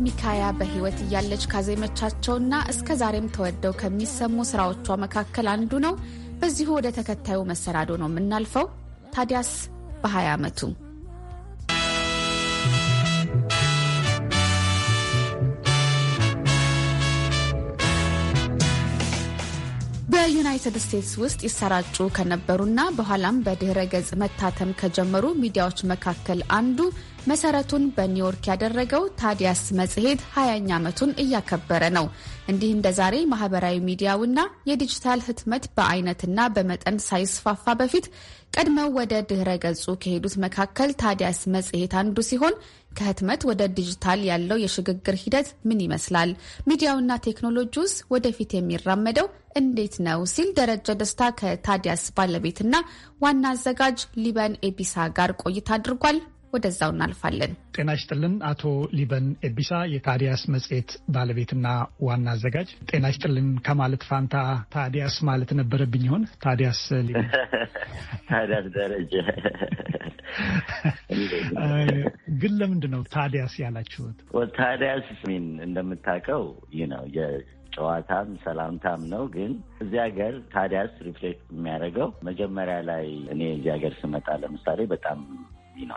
ሚካያ በህይወት እያለች ካዜመቻቸውና እስከ ዛሬም ተወደው ከሚሰሙ ስራዎቿ መካከል አንዱ ነው። በዚሁ ወደ ተከታዩ መሰናዶ ነው የምናልፈው። ታዲያስ በ20 ዓመቱ ዩናይትድ ስቴትስ ውስጥ ይሰራጩ ከነበሩና በኋላም በድህረ ገጽ መታተም ከጀመሩ ሚዲያዎች መካከል አንዱ መሰረቱን በኒውዮርክ ያደረገው ታዲያስ መጽሔት ሀያኛ ዓመቱን እያከበረ ነው። እንዲህ እንደ ዛሬ ማህበራዊ ሚዲያውና የዲጂታል ህትመት በአይነትና በመጠን ሳይስፋፋ በፊት ቀድመው ወደ ድህረ ገጹ ከሄዱት መካከል ታዲያስ መጽሔት አንዱ ሲሆን ከህትመት ወደ ዲጂታል ያለው የሽግግር ሂደት ምን ይመስላል? ሚዲያውና ቴክኖሎጂውስ ወደፊት የሚራመደው እንዴት ነው ሲል ደረጀ ደስታ ከታዲያስ ባለቤትና ዋና አዘጋጅ ሊበን ኤቢሳ ጋር ቆይታ አድርጓል። ወደዛው እናልፋለን። ጤና ይስጥልን አቶ ሊበን ኤቢሳ የታዲያስ መጽሔት ባለቤትና ዋና አዘጋጅ። ጤና ይስጥልን ከማለት ፋንታ ታዲያስ ማለት ነበረብኝ ይሆን? ታዲያስ ሊበን ታዲያስ ደረጀ ግን ለምንድን ነው ታዲያስ ያላችሁት? ታዲያስ ሚን እንደምታውቀው ይህ ነው ጨዋታም ሰላምታም ነው። ግን እዚህ ሀገር ታዲያስ ሪፍሌክት የሚያደርገው መጀመሪያ ላይ እኔ እዚህ ሀገር ስመጣ ለምሳሌ በጣም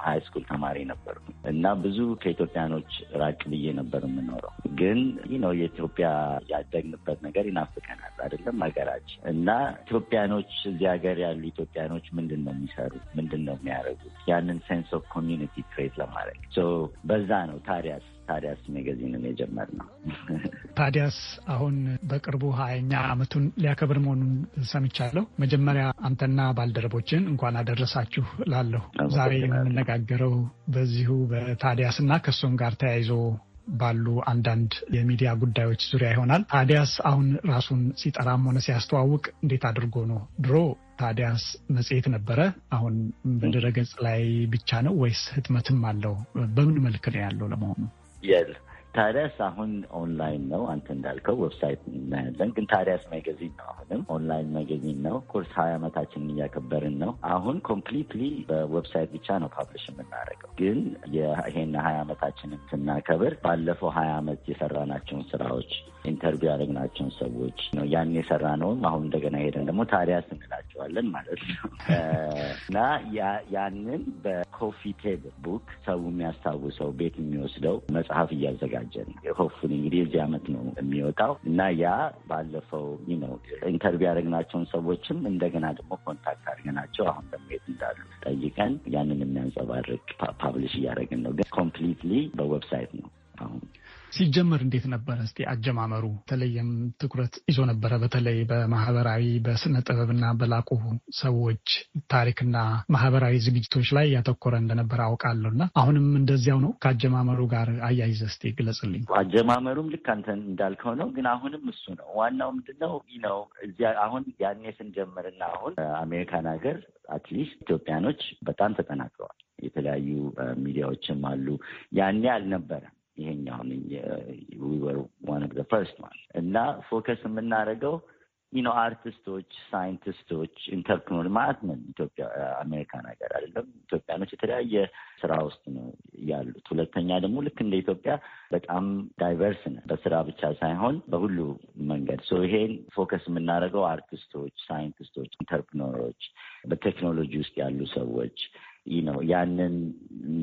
ሀይ ስኩል ተማሪ ነበር እና ብዙ ከኢትዮጵያኖች ራቅ ብዬ ነበር የምኖረው። ግን ነው የኢትዮጵያ ያደግንበት ነገር ይናፍቀናል አይደለም ሀገራችን እና ኢትዮጵያኖች እዚህ ሀገር ያሉ ኢትዮጵያኖች ምንድን ነው የሚሰሩት? ምንድን ነው የሚያደርጉት? ያንን ሴንስ ኦፍ ኮሚዩኒቲ ክሬት ለማድረግ በዛ ነው ታዲያስ ታዲያስ ሜጋዚንን ነው። ታዲያስ አሁን በቅርቡ ሀያኛ ዓመቱን ሊያከብር መሆኑን ሰምቻለሁ። መጀመሪያ አንተና ባልደረቦችን እንኳን አደረሳችሁ ላለሁ። ዛሬ የምንነጋገረው በዚሁ በታዲያስ እና ከእሱም ጋር ተያይዞ ባሉ አንዳንድ የሚዲያ ጉዳዮች ዙሪያ ይሆናል። ታዲያስ አሁን ራሱን ሲጠራም ሆነ ሲያስተዋውቅ እንዴት አድርጎ ነው? ድሮ ታዲያስ መጽሔት ነበረ። አሁን በድረገጽ ላይ ብቻ ነው ወይስ ህትመትም አለው? በምን መልክ ነው ያለው ለመሆኑ? የለም። ታዲያስ አሁን ኦንላይን ነው። አንተ እንዳልከው ዌብሳይት እናያለን፣ ግን ታዲያስ ማጋዚን ነው። አሁንም ኦንላይን መገዚን ነው። ኮርስ ሀያ ዓመታችንን እያከበርን ነው። አሁን ኮምፕሊትሊ በዌብሳይት ብቻ ነው ፓብሊሽ የምናደርገው። ግን ይሄን ሀያ ዓመታችንን ስናከብር ባለፈው ሀያ ዓመት የሰራናቸውን ስራዎች ኢንተርቪው ያደረግናቸውን ሰዎች ነው ያን የሰራ ነውም አሁን እንደገና ሄደን ደግሞ ታዲያ ስንላቸዋለን ማለት ነው። እና ያንን በኮፊ ቴብል ቡክ ሰው የሚያስታውሰው ቤት የሚወስደው መጽሐፍ እያዘጋጀ ነው። ሆፉን እንግዲህ እዚህ ዓመት ነው የሚወጣው እና ያ ባለፈው ነው ኢንተርቪው ያደረግናቸውን ሰዎችም እንደገና ደግሞ ኮንታክት አድርገናቸው አሁን ደግሞ የት እንዳሉ ጠይቀን ያንን የሚያንጸባርቅ ፓብሊሽ እያደረግን ነው። ግን ኮምፕሊትሊ በዌብሳይት ነው አሁን ሲጀመር እንዴት ነበረ? እስቲ አጀማመሩ በተለይም ትኩረት ይዞ ነበረ በተለይ በማህበራዊ በስነ ጥበብና በላቁ ሰዎች ታሪክና ማህበራዊ ዝግጅቶች ላይ ያተኮረ እንደነበረ አውቃለሁ እና አሁንም እንደዚያው ነው? ከአጀማመሩ ጋር አያይዘ እስቲ ግለጽልኝ። አጀማመሩም ልክ አንተ እንዳልከው ነው፣ ግን አሁንም እሱ ነው ዋናው። ምንድነው ነው እዚያ አሁን ያኔ ስንጀምርና አሁን አሜሪካን ሀገር አትሊስት ኢትዮጵያኖች በጣም ተጠናክረዋል። የተለያዩ ሚዲያዎችም አሉ። ያኔ አልነበረ ይሄኛውን ዊወር ዋን ኦፍ ፈርስት ዋን እና ፎከስ የምናደርገው ኖ አርቲስቶች፣ ሳይንቲስቶች፣ ኢንተርፕኖር ማለት ነን። ኢትዮጵያ አሜሪካ uh, ነገር አይደለም። ኢትዮጵያኖች የተለያየ ስራ ውስጥ ነው ያሉት። ሁለተኛ ደግሞ ልክ እንደ ኢትዮጵያ በጣም ዳይቨርስ ነን፣ በስራ ብቻ ሳይሆን በሁሉ መንገድ። ሶ ይሄን ፎከስ የምናደርገው አርቲስቶች፣ ሳይንቲስቶች፣ ኢንተርፕኖሮች፣ በቴክኖሎጂ ውስጥ ያሉ ሰዎች ይህ ነው ያንን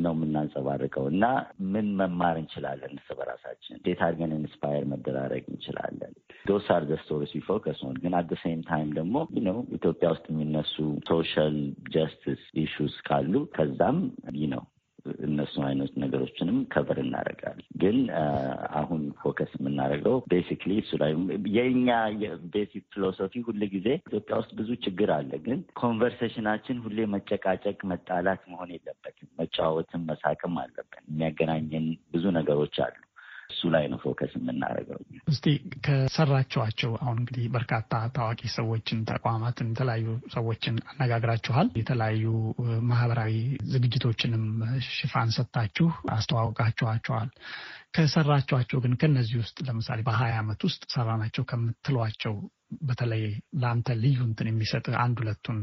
ነው የምናንጸባርቀው እና ምን መማር እንችላለን? እርስ በራሳችን እንዴት አድርገን ኢንስፓየር መደራረግ እንችላለን? ዶስ አር ዘ ስቶሪስ ዊ ፎከስ ኦን። ግን አት ዘ ሴም ታይም ደግሞ ነው ኢትዮጵያ ውስጥ የሚነሱ ሶሻል ጀስቲስ ኢሹስ ካሉ ከዛም ይህ ነው እነሱ አይነት ነገሮችንም ከበር እናደርጋለን። ግን አሁን ፎከስ የምናደርገው ቤሲክሊ እሱ ላይ የእኛ ቤሲክ ፊሎሶፊ ሁል ጊዜ ኢትዮጵያ ውስጥ ብዙ ችግር አለ። ግን ኮንቨርሴሽናችን ሁሌ መጨቃጨቅ፣ መጣላት መሆን የለበትም። መጫወትም መሳቅም አለብን። የሚያገናኘን ብዙ ነገሮች አሉ። እሱ ላይ ነው ፎከስ የምናደርገው። እስቲ ከሰራችኋቸው አሁን እንግዲህ በርካታ ታዋቂ ሰዎችን፣ ተቋማትን፣ የተለያዩ ሰዎችን አነጋግራችኋል። የተለያዩ ማህበራዊ ዝግጅቶችንም ሽፋን ሰጥታችሁ አስተዋውቃችኋቸዋል። ከሰራችኋቸው ግን ከነዚህ ውስጥ ለምሳሌ በሀያ ዓመት ውስጥ ሰራናቸው ከምትሏቸው በተለይ ለአንተ ልዩ እንትን የሚሰጥ አንድ ሁለቱን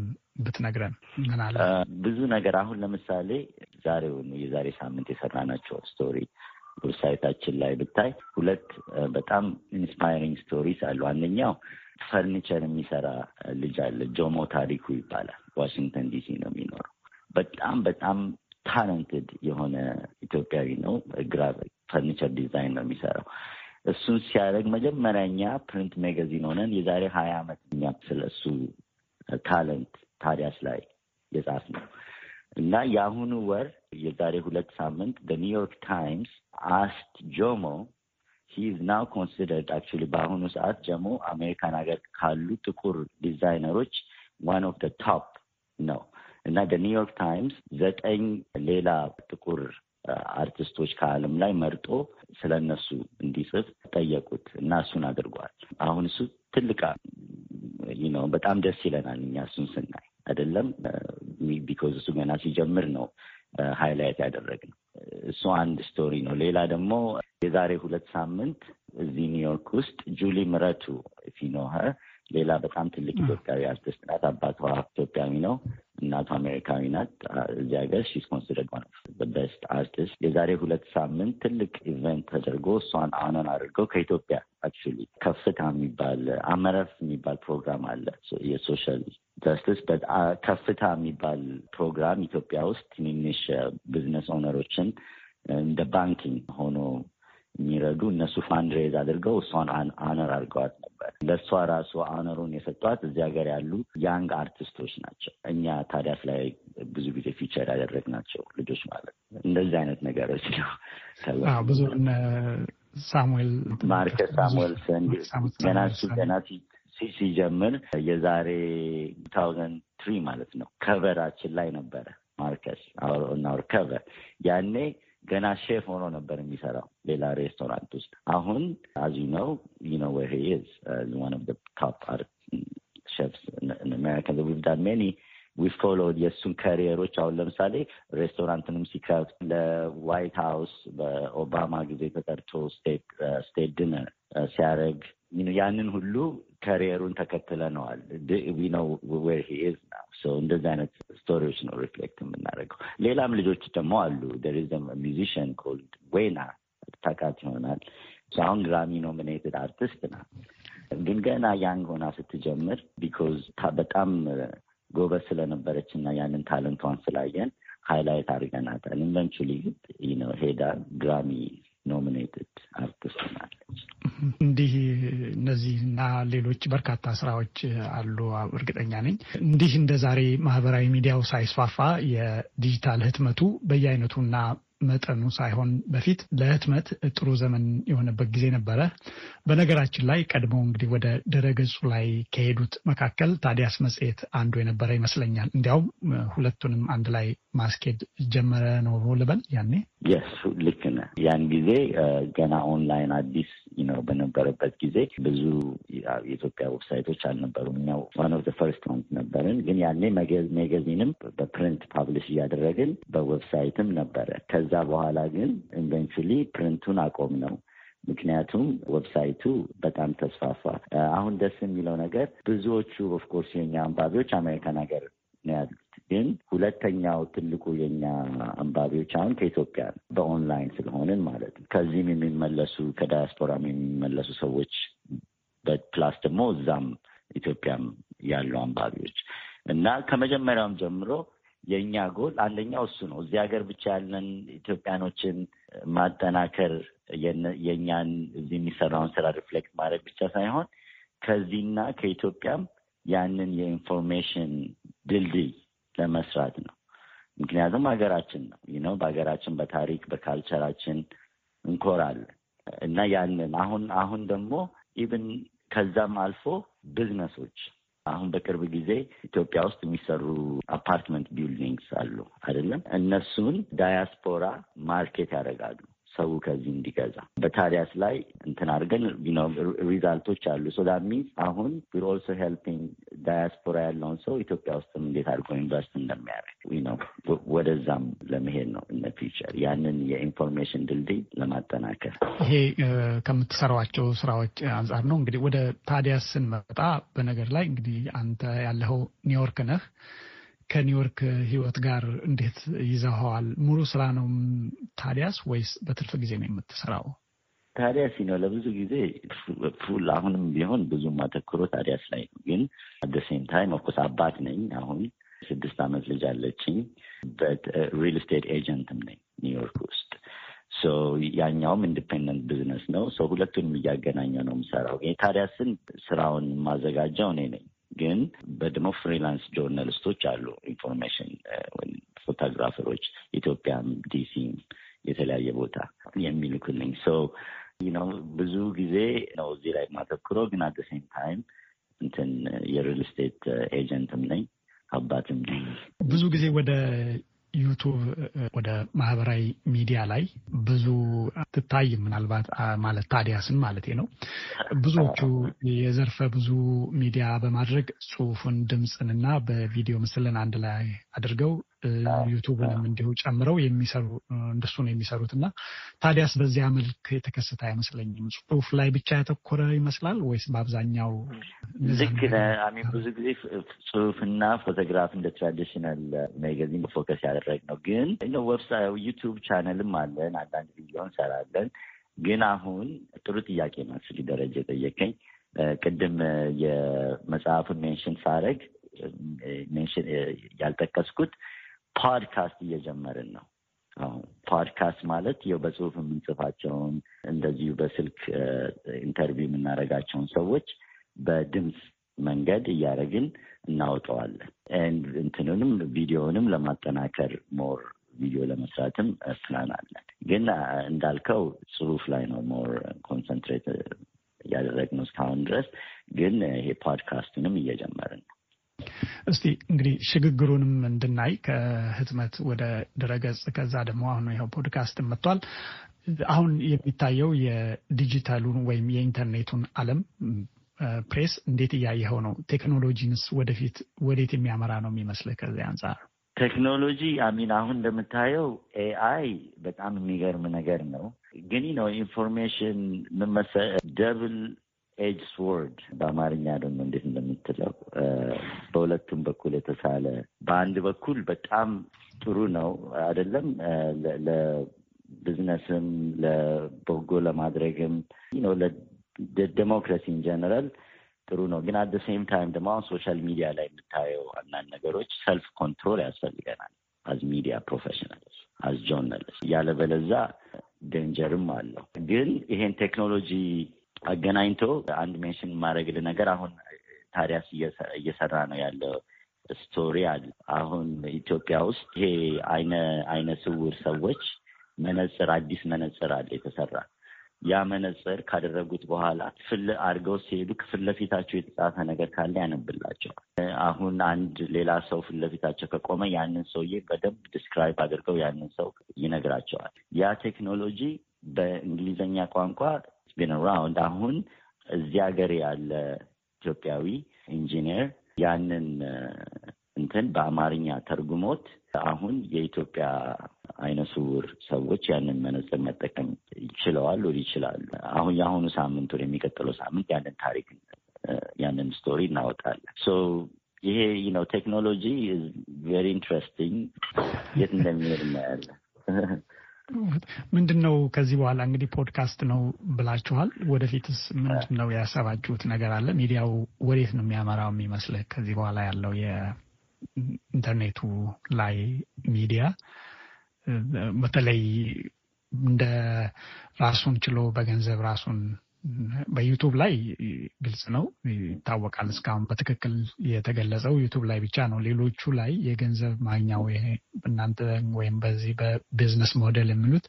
ብትነግረን ምን አለ? ብዙ ነገር አሁን ለምሳሌ ዛሬውን የዛሬ ሳምንት የሰራናቸው ስቶሪ ዌብሳይታችን ላይ ብታይ ሁለት በጣም ኢንስፓይሪንግ ስቶሪስ አሉ። አንደኛው ፈርኒቸር የሚሰራ ልጅ አለ፣ ጆሞ ታሪኩ ይባላል። ዋሽንግተን ዲሲ ነው የሚኖረው። በጣም በጣም ታለንትድ የሆነ ኢትዮጵያዊ ነው። እግራ ፈርኒቸር ዲዛይን ነው የሚሰራው። እሱን ሲያደርግ መጀመሪያኛ ፕሪንት ሜጋዚን ሆነን የዛሬ ሀያ ዓመት እኛ ስለ እሱ ታለንት ታዲያስ ላይ የጻፍ ነው እና የአሁኑ ወር የዛሬ ሁለት ሳምንት በኒውዮርክ ታይምስ አስት ጆሞ ሂዝ ናው ኮንሲደርድ አክቹዋሊ በአሁኑ ሰዓት ጀሞ አሜሪካን ሀገር ካሉ ጥቁር ዲዛይነሮች ዋን ኦፍ ደ ቶፕ ነው እና በኒውዮርክ ታይምስ ዘጠኝ ሌላ ጥቁር አርቲስቶች ከዓለም ላይ መርጦ ስለ እነሱ እንዲጽፍ ጠየቁት እና እሱን አድርጓል። አሁን እሱ ትልቅ ነው። በጣም ደስ ይለናል እኛ እሱን ስናይ አይደለም ቢኮዝ እሱ ገና ሲጀምር ነው ሃይላይት ነው። እሱ አንድ ስቶሪ ነው። ሌላ ደግሞ የዛሬ ሁለት ሳምንት እዚህ ኒውዮርክ ውስጥ ጁሊ ምረቱ ፊኖኸር ሌላ በጣም ትልቅ ኢትዮጵያዊ አርቲስት ናት። አባቷ ኢትዮጵያዊ ነው። እናቱ አሜሪካዊ ናት። እዚህ ሀገር ሺስ ኮንሲደርድ ዋን ኦፍ በስት አርቲስት። የዛሬ ሁለት ሳምንት ትልቅ ኢቨንት ተደርጎ እሷን አነን አድርገው ከኢትዮጵያ አክቹዋሊ ከፍታ የሚባል አመረፍ የሚባል ፕሮግራም አለ የሶሻል ጀስትስ ከፍታ የሚባል ፕሮግራም ኢትዮጵያ ውስጥ ትንንሽ ቢዝነስ ኦነሮችን እንደ ባንኪንግ ሆኖ የሚረዱ እነሱ ፋንድሬዝ አድርገው እሷን አነር አድርገዋት ነበር። ለእሷ ራሱ አነሩን የሰጧት እዚህ ሀገር ያሉ ያንግ አርቲስቶች ናቸው። እኛ ታዲያስ ላይ ብዙ ጊዜ ፊቸር ያደረግናቸው ልጆች ማለት ነው። እንደዚህ አይነት ነገሮች ነው ብዙ ሳሙኤል ማርከስ ገና ገና ሲጀምር የዛሬ ቱ ታውዘንድ ትሪ ማለት ነው ከቨራችን ላይ ነበረ ማርከስ እናወር ከቨር ያኔ ገና ሼፍ ሆኖ ነበር የሚሰራው ሌላ ሬስቶራንት ውስጥ። አሁን አዚ ነው ነው ዌር ሂ ኢዝ ዋን ኦፍ ታፕ አርት ሼፍስ ኢን አሜሪካ ዊቭ ዳን ሜኒ ዊ ፎሎድ የእሱን ከሪየሮች አሁን ለምሳሌ ሬስቶራንትንም ሲከፍት ለዋይት ሀውስ በኦባማ ጊዜ ተጠርቶ ስቴት ዲነር uh, uh, ሲያደርግ ያንን ሁሉ ከሪየሩን ተከትለነዋል ነው ዌር ሂ ኢዝ ናው። እንደዚህ አይነት ስቶሪዎች ነው ሪፍሌክት የምናደርገው። ሌላም ልጆች ደግሞ አሉ። ዴር ኢዝ ሚዚሽን ኮልድ ወይና ታውቃት ይሆናል። አሁን ግራሚ ኖሚኔትድ አርቲስት ናት። ግን ገና ያንግ ሆና ስትጀምር ቢኮዝ በጣም ጎበዝ ስለነበረች እና ያንን ታለንቷን ስላየን ሃይላይት አድርገናታል። ኢቨንቹሊ ሄዳ ግራሚ ኖሚኔትድ አርቲስት ናለች። እንዲህ እና ሌሎች በርካታ ስራዎች አሉ። እርግጠኛ ነኝ እንዲህ እንደ ዛሬ ማህበራዊ ሚዲያው ሳይስፋፋ የዲጂታል ህትመቱ በየአይነቱና መጠኑ ሳይሆን በፊት ለህትመት ጥሩ ዘመን የሆነበት ጊዜ ነበረ። በነገራችን ላይ ቀድሞ እንግዲህ ወደ ድረገጹ ላይ ከሄዱት መካከል ታዲያስ መጽሔት አንዱ የነበረ ይመስለኛል። እንዲያውም ሁለቱንም አንድ ላይ ማስኬድ ጀመረ ነው ልበል። ያኔ የሱ ልክ ነህ። ያን ጊዜ ገና ኦንላይን አዲስ ነው በነበረበት ጊዜ ብዙ የኢትዮጵያ ዌብሳይቶች አልነበሩም። እኛው ዋን ኦፍ ፈርስት ሆን ነበርን። ግን ያኔ ሜጋዚንም በፕሪንት ፓብሊሽ እያደረግን በዌብሳይትም ነበረ። ከዛ በኋላ ግን ኢንቨንቹሊ ፕሪንቱን አቆም ነው። ምክንያቱም ዌብሳይቱ በጣም ተስፋፋ። አሁን ደስ የሚለው ነገር ብዙዎቹ ኦፍኮርስ የኛ አንባቢዎች አሜሪካን ሀገር ነው ያሉት። ግን ሁለተኛው ትልቁ የኛ አንባቢዎች አሁን ከኢትዮጵያ ነው፣ በኦንላይን ስለሆንን ማለት ነው። ከዚህም የሚመለሱ ከዳያስፖራም የሚመለሱ ሰዎች በፕላስ ደግሞ እዛም ኢትዮጵያም ያሉ አንባቢዎች እና ከመጀመሪያውም ጀምሮ የእኛ ጎል አንደኛው እሱ ነው። እዚህ ሀገር ብቻ ያለን ኢትዮጵያኖችን ማጠናከር የእኛን እዚህ የሚሰራውን ስራ ሪፍሌክት ማድረግ ብቻ ሳይሆን ከዚህና ከኢትዮጵያም ያንን የኢንፎርሜሽን ድልድይ ለመስራት ነው። ምክንያቱም ሀገራችን ነው ነው በሀገራችን በታሪክ በካልቸራችን እንኮራለን እና ያንን አሁን አሁን ደግሞ ኢቭን ከዛም አልፎ ቢዝነሶች አሁን በቅርብ ጊዜ ኢትዮጵያ ውስጥ የሚሰሩ አፓርትመንት ቢልዲንግስ አሉ አይደለም? እነሱን ዳያስፖራ ማርኬት ያደርጋሉ። ሰው ከዚህ እንዲገዛ በታዲያስ ላይ እንትን አድርገን ሪዛልቶች አሉ። ሶ ሶዳሚዝ አሁን ዊር ኦልሶ ሄልፒንግ ዳያስፖራ ያለውን ሰው ኢትዮጵያ ውስጥም እንዴት አድርጎ ኢንቨስት እንደሚያደርግ ነው። ወደዛም ለመሄድ ነው እነ ፊቸር ያንን የኢንፎርሜሽን ድልድይ ለማጠናከር ይሄ ከምትሰሯቸው ስራዎች አንጻር ነው። እንግዲህ ወደ ታዲያስ ስንመጣ በነገር ላይ እንግዲህ አንተ ያለኸው ኒውዮርክ ነህ። ከኒውዮርክ ህይወት ጋር እንዴት ይዘኸዋል? ሙሉ ስራ ነው ታዲያስ ወይስ በትርፍ ጊዜ ነው የምትሰራው? ታዲያስ ነው ለብዙ ጊዜ ፉል አሁንም ቢሆን ብዙ ማተክሮ ታዲያስ ላይ ነው። ግን አደሴም ታይም ኦፍኮርስ አባት ነኝ። አሁን ስድስት አመት ልጅ አለችኝ። በሪል ስቴት ኤጀንትም ነኝ ኒውዮርክ ውስጥ ያኛውም ኢንዲፔንደንት ቢዝነስ ነው። ሰው ሁለቱንም እያገናኘ ነው የምሰራው። ታዲያስን ስራውን የማዘጋጀው እኔ ነኝ። ግን በደግሞ ፍሪላንስ ጆርናሊስቶች አሉ። ኢንፎርሜሽን ፎቶግራፈሮች ኢትዮጵያም፣ ዲሲም የተለያየ ቦታ የሚልኩልኝ ሰው ነው። ብዙ ጊዜ ነው እዚህ ላይ ማተኩረው። ግን አት ሴም ታይም እንትን የሪል ስቴት ኤጀንትም ነኝ አባትም ነኝ። ብዙ ጊዜ ወደ ዩቱብ ወደ ማህበራዊ ሚዲያ ላይ ብዙ ትታይ ምናልባት ማለት ታዲያስን ማለት ነው። ብዙዎቹ የዘርፈ ብዙ ሚዲያ በማድረግ ጽሁፍን፣ ድምፅንና በቪዲዮ ምስልን አንድ ላይ አድርገው ዩቱብንም እንዲሁ ጨምረው የሚሰሩ እንደሱ ነው የሚሰሩት። እና ታዲያስ በዚያ መልክ የተከሰተ አይመስለኝም። ጽሁፍ ላይ ብቻ ያተኮረ ይመስላል ወይስ በአብዛኛው? ልክ አሚን፣ ብዙ ጊዜ ጽሁፍና ፎቶግራፍ እንደ ትራዲሽናል ሜጋዚን ፎከስ ያደረግ ነው። ግን ዌብሳይ ዩቱብ ቻነልም አለን፣ አንዳንድ ቪዲዮ እንሰራለን። ግን አሁን ጥሩ ጥያቄ ነው ስሊ ደረጃ የጠየቀኝ ቅድም የመጽሐፉን ሜንሽን ሳረግ ሜንሽን ያልጠቀስኩት ፓድካስት እየጀመርን ነው። ፖድካስት ፓድካስት ማለት ይኸው በጽሁፍ የምንጽፋቸውን እንደዚሁ በስልክ ኢንተርቪው የምናደርጋቸውን ሰዎች በድምፅ መንገድ እያደረግን እናውጠዋለን። እንትንንም ቪዲዮንም ለማጠናከር ሞር ቪዲዮ ለመስራትም ፕላን አለን። ግን እንዳልከው ጽሁፍ ላይ ነው ሞር ኮንሰንትሬት እያደረግነው እስካሁን ድረስ። ግን ይሄ ፓድካስቱንም እየጀመርን ነው። እስቲ እንግዲህ ሽግግሩንም እንድናይ ከህትመት ወደ ድረገጽ ከዛ ደግሞ አሁን ይኸው ፖድካስት መጥቷል። አሁን የሚታየው የዲጂታሉን ወይም የኢንተርኔቱን ዓለም ፕሬስ እንዴት እያየኸው ነው? ቴክኖሎጂንስ ወደፊት ወዴት የሚያመራ ነው የሚመስልህ? ከዚህ አንጻር ቴክኖሎጂ አሚን አሁን እንደምታየው ኤአይ በጣም የሚገርም ነገር ነው። ግን ነው ኢንፎርሜሽን ምን መሰለህ ደብል ኤጅ ስዎርድ በአማርኛ ደግሞ እንዴት እንደምትለው በሁለቱም በኩል የተሳለ በአንድ በኩል በጣም ጥሩ ነው አይደለም ለቢዝነስም ለበጎ ለማድረግም ነው ለዴሞክራሲ ኢን ጀነራል ጥሩ ነው። ግን አደ ሴም ታይም ደግሞ አሁን ሶሻል ሚዲያ ላይ የምታየው አንዳንድ ነገሮች ሰልፍ ኮንትሮል ያስፈልገናል አዝ ሚዲያ ፕሮፌሽናል አዝ ጆርናልስ ያለበለዛ ደንጀርም አለው። ግን ይሄን ቴክኖሎጂ አገናኝቶ አንድ ሜንሽን የማደርግልህ ነገር አሁን ታዲያስ እየሰራ ነው ያለው ስቶሪ አለ። አሁን ኢትዮጵያ ውስጥ ይሄ አይነ አይነ ስውር ሰዎች መነጽር አዲስ መነጽር አለ የተሰራ ያ መነጽር ካደረጉት በኋላ ክፍል አድርገው ሲሄዱ ክፍል ለፊታቸው የተጻፈ ነገር ካለ ያነብላቸዋል። አሁን አንድ ሌላ ሰው ፊት ለፊታቸው ከቆመ ያንን ሰውዬ በደንብ ዲስክራይብ አድርገው ያንን ሰው ይነግራቸዋል። ያ ቴክኖሎጂ በእንግሊዝኛ ቋንቋ ቢን ራውንድ አሁን እዚህ ሀገር ያለ ኢትዮጵያዊ ኢንጂነር ያንን እንትን በአማርኛ ተርጉሞት አሁን የኢትዮጵያ አይነ ስውር ሰዎች ያንን መነጽር መጠቀም ችለዋል ወዲ ይችላሉ። አሁን የአሁኑ ሳምንት ወደ የሚቀጥለው ሳምንት ያንን ታሪክ ያንን ስቶሪ እናወጣለን። ሶ ይሄ ነው ቴክኖሎጂ ቬሪ ኢንትረስቲንግ የት እንደሚሄድ እናያለን። ምንድን ነው ከዚህ በኋላ እንግዲህ ፖድካስት ነው ብላችኋል። ወደፊትስ ምንድን ነው ያሰባችሁት ነገር አለ? ሚዲያው ወዴት ነው የሚያመራው የሚመስልህ? ከዚህ በኋላ ያለው የኢንተርኔቱ ላይ ሚዲያ በተለይ እንደ ራሱን ችሎ በገንዘብ ራሱን በዩቱብ ላይ ግልጽ ነው ይታወቃል። እስካሁን በትክክል የተገለጸው ዩቱብ ላይ ብቻ ነው። ሌሎቹ ላይ የገንዘብ ማግኛ እናንተ ወይም በዚህ በቢዝነስ ሞዴል የሚሉት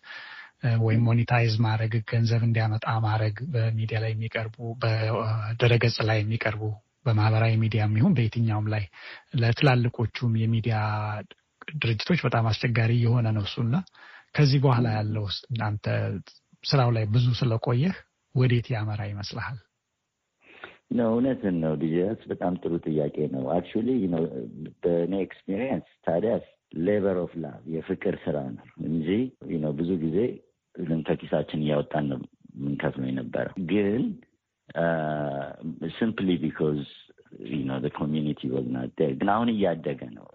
ወይም ሞኒታይዝ ማድረግ ገንዘብ እንዲያመጣ ማድረግ በሚዲያ ላይ የሚቀርቡ በድረገጽ ላይ የሚቀርቡ በማህበራዊ ሚዲያ የሚሆን በየትኛውም ላይ ለትላልቆቹም የሚዲያ ድርጅቶች በጣም አስቸጋሪ የሆነ ነው እሱና ከዚህ በኋላ ያለው እናንተ ስራው ላይ ብዙ ስለቆየህ ወዴት ያመራ ይመስልሃል? እውነትን ነው ዲጀስ በጣም ጥሩ ጥያቄ ነው። አክቹዋሊ በእኔ ኤክስፒሪየንስ ታዲያስ ሌበር ኦፍ ላቭ የፍቅር ስራ ነው እንጂ ብዙ ጊዜ ከኪሳችን እያወጣን ነው ምንከፍለው የነበረው ግን ሲምፕሊ ቢኮዝ ኮሚኒቲ ግን አሁን እያደገ ነው።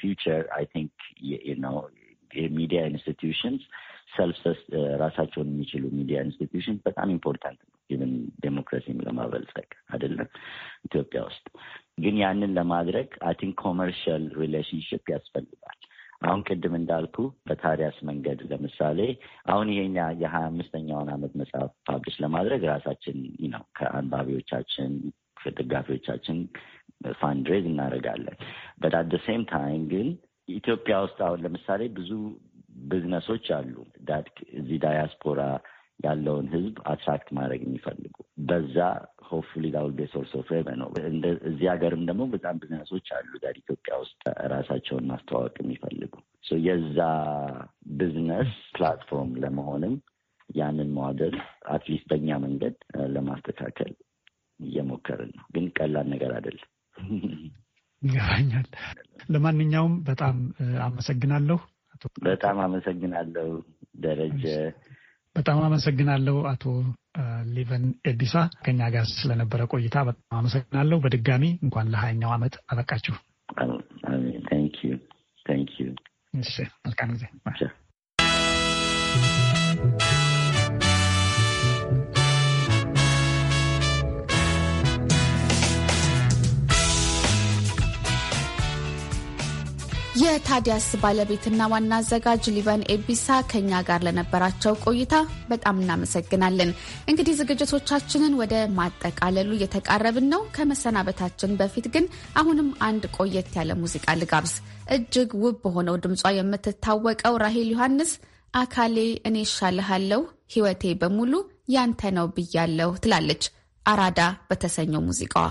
ፊውቸር አይ ቲንክ የሚዲያ ኢንስቲትዩሽንስ ሰልፍሰስ uh, ራሳቸውን የሚችሉ ሚዲያ ኢንስቲትዩሽን በጣም ኢምፖርታንት ነው። ኢቨን ዴሞክራሲም ለማበልጸግ አይደለም ኢትዮጵያ ውስጥ ግን ያንን ለማድረግ አይ ቲንክ ኮመርሻል ሪሌሽንሽፕ ያስፈልጋል። አሁን ቅድም እንዳልኩ በታሪያስ መንገድ ለምሳሌ አሁን ይሄኛ የሀያ አምስተኛውን ዓመት መጽሐፍ ፓብሊሽ ለማድረግ ራሳችን ነው ከአንባቢዎቻችን ከደጋፊዎቻችን ፋንድሬዝ እናደርጋለን። በዳደ ሴም ታይም ግን ኢትዮጵያ ውስጥ አሁን ለምሳሌ ብዙ ብዝነሶች አሉ ዳት እዚህ ዳያስፖራ ያለውን ህዝብ አትራክት ማድረግ የሚፈልጉ በዛ ሆፕፉሊ ዳውልዴ ሶርስ ኦፍ ነው። እዚህ ሀገርም ደግሞ በጣም ብዝነሶች አሉ ዳር ኢትዮጵያ ውስጥ ራሳቸውን ማስተዋወቅ የሚፈልጉ የዛ ብዝነስ ፕላትፎርም ለመሆንም ያንን መዋደል አትሊስት በእኛ መንገድ ለማስተካከል እየሞከርን ነው። ግን ቀላል ነገር አይደለም። ይገባኛል። ለማንኛውም በጣም አመሰግናለሁ። በጣም አመሰግናለሁ ደረጀ። በጣም አመሰግናለሁ አቶ ሊቨን ኤዲሳ ከኛ ጋር ስለነበረ ቆይታ በጣም አመሰግናለሁ። በድጋሚ እንኳን ለሀያኛው ዓመት አበቃችሁ። መልካም ጊዜ የታዲያስ ባለቤትና ዋና አዘጋጅ ሊቨን ኤቢሳ ከኛ ጋር ለነበራቸው ቆይታ በጣም እናመሰግናለን። እንግዲህ ዝግጅቶቻችንን ወደ ማጠቃለሉ እየተቃረብን ነው። ከመሰናበታችን በፊት ግን አሁንም አንድ ቆየት ያለ ሙዚቃ ልጋብዝ። እጅግ ውብ በሆነው ድምጿ የምትታወቀው ራሄል ዮሐንስ አካሌ እኔ እሻልሃለሁ ህይወቴ በሙሉ ያንተ ነው ብያለሁ ትላለች አራዳ በተሰኘው ሙዚቃዋ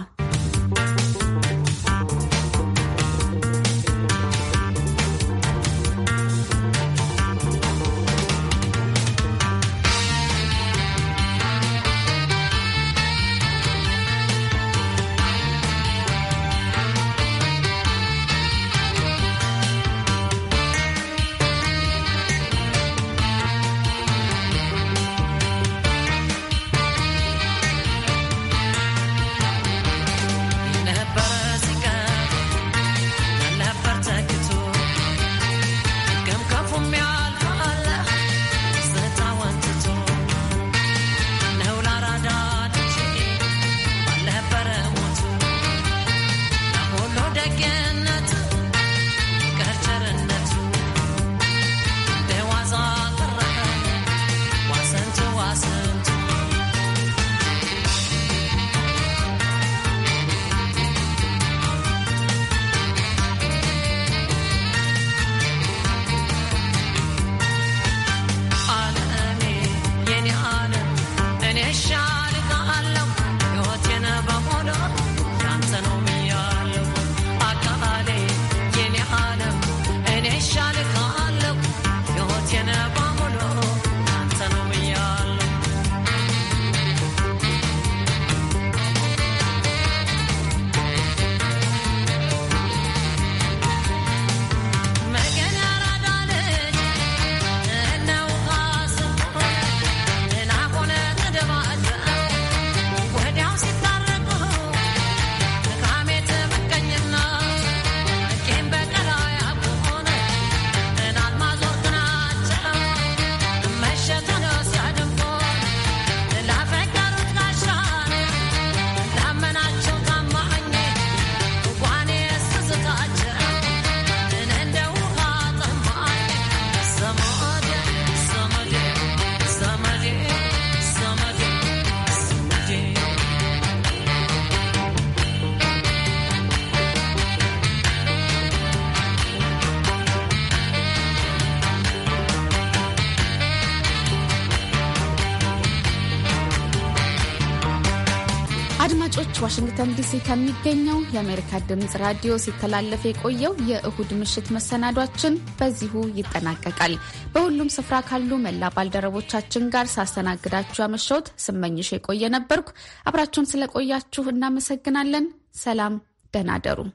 አድማጮች ዋሽንግተን ዲሲ ከሚገኘው የአሜሪካ ድምፅ ራዲዮ ሲተላለፍ የቆየው የእሁድ ምሽት መሰናዷችን በዚሁ ይጠናቀቃል። በሁሉም ስፍራ ካሉ መላ ባልደረቦቻችን ጋር ሳስተናግዳችሁ ያመሸሁት ስመኝሽ የቆየ ነበርኩ። አብራችሁን ስለቆያችሁ እናመሰግናለን። ሰላም፣ ደህና ደሩ።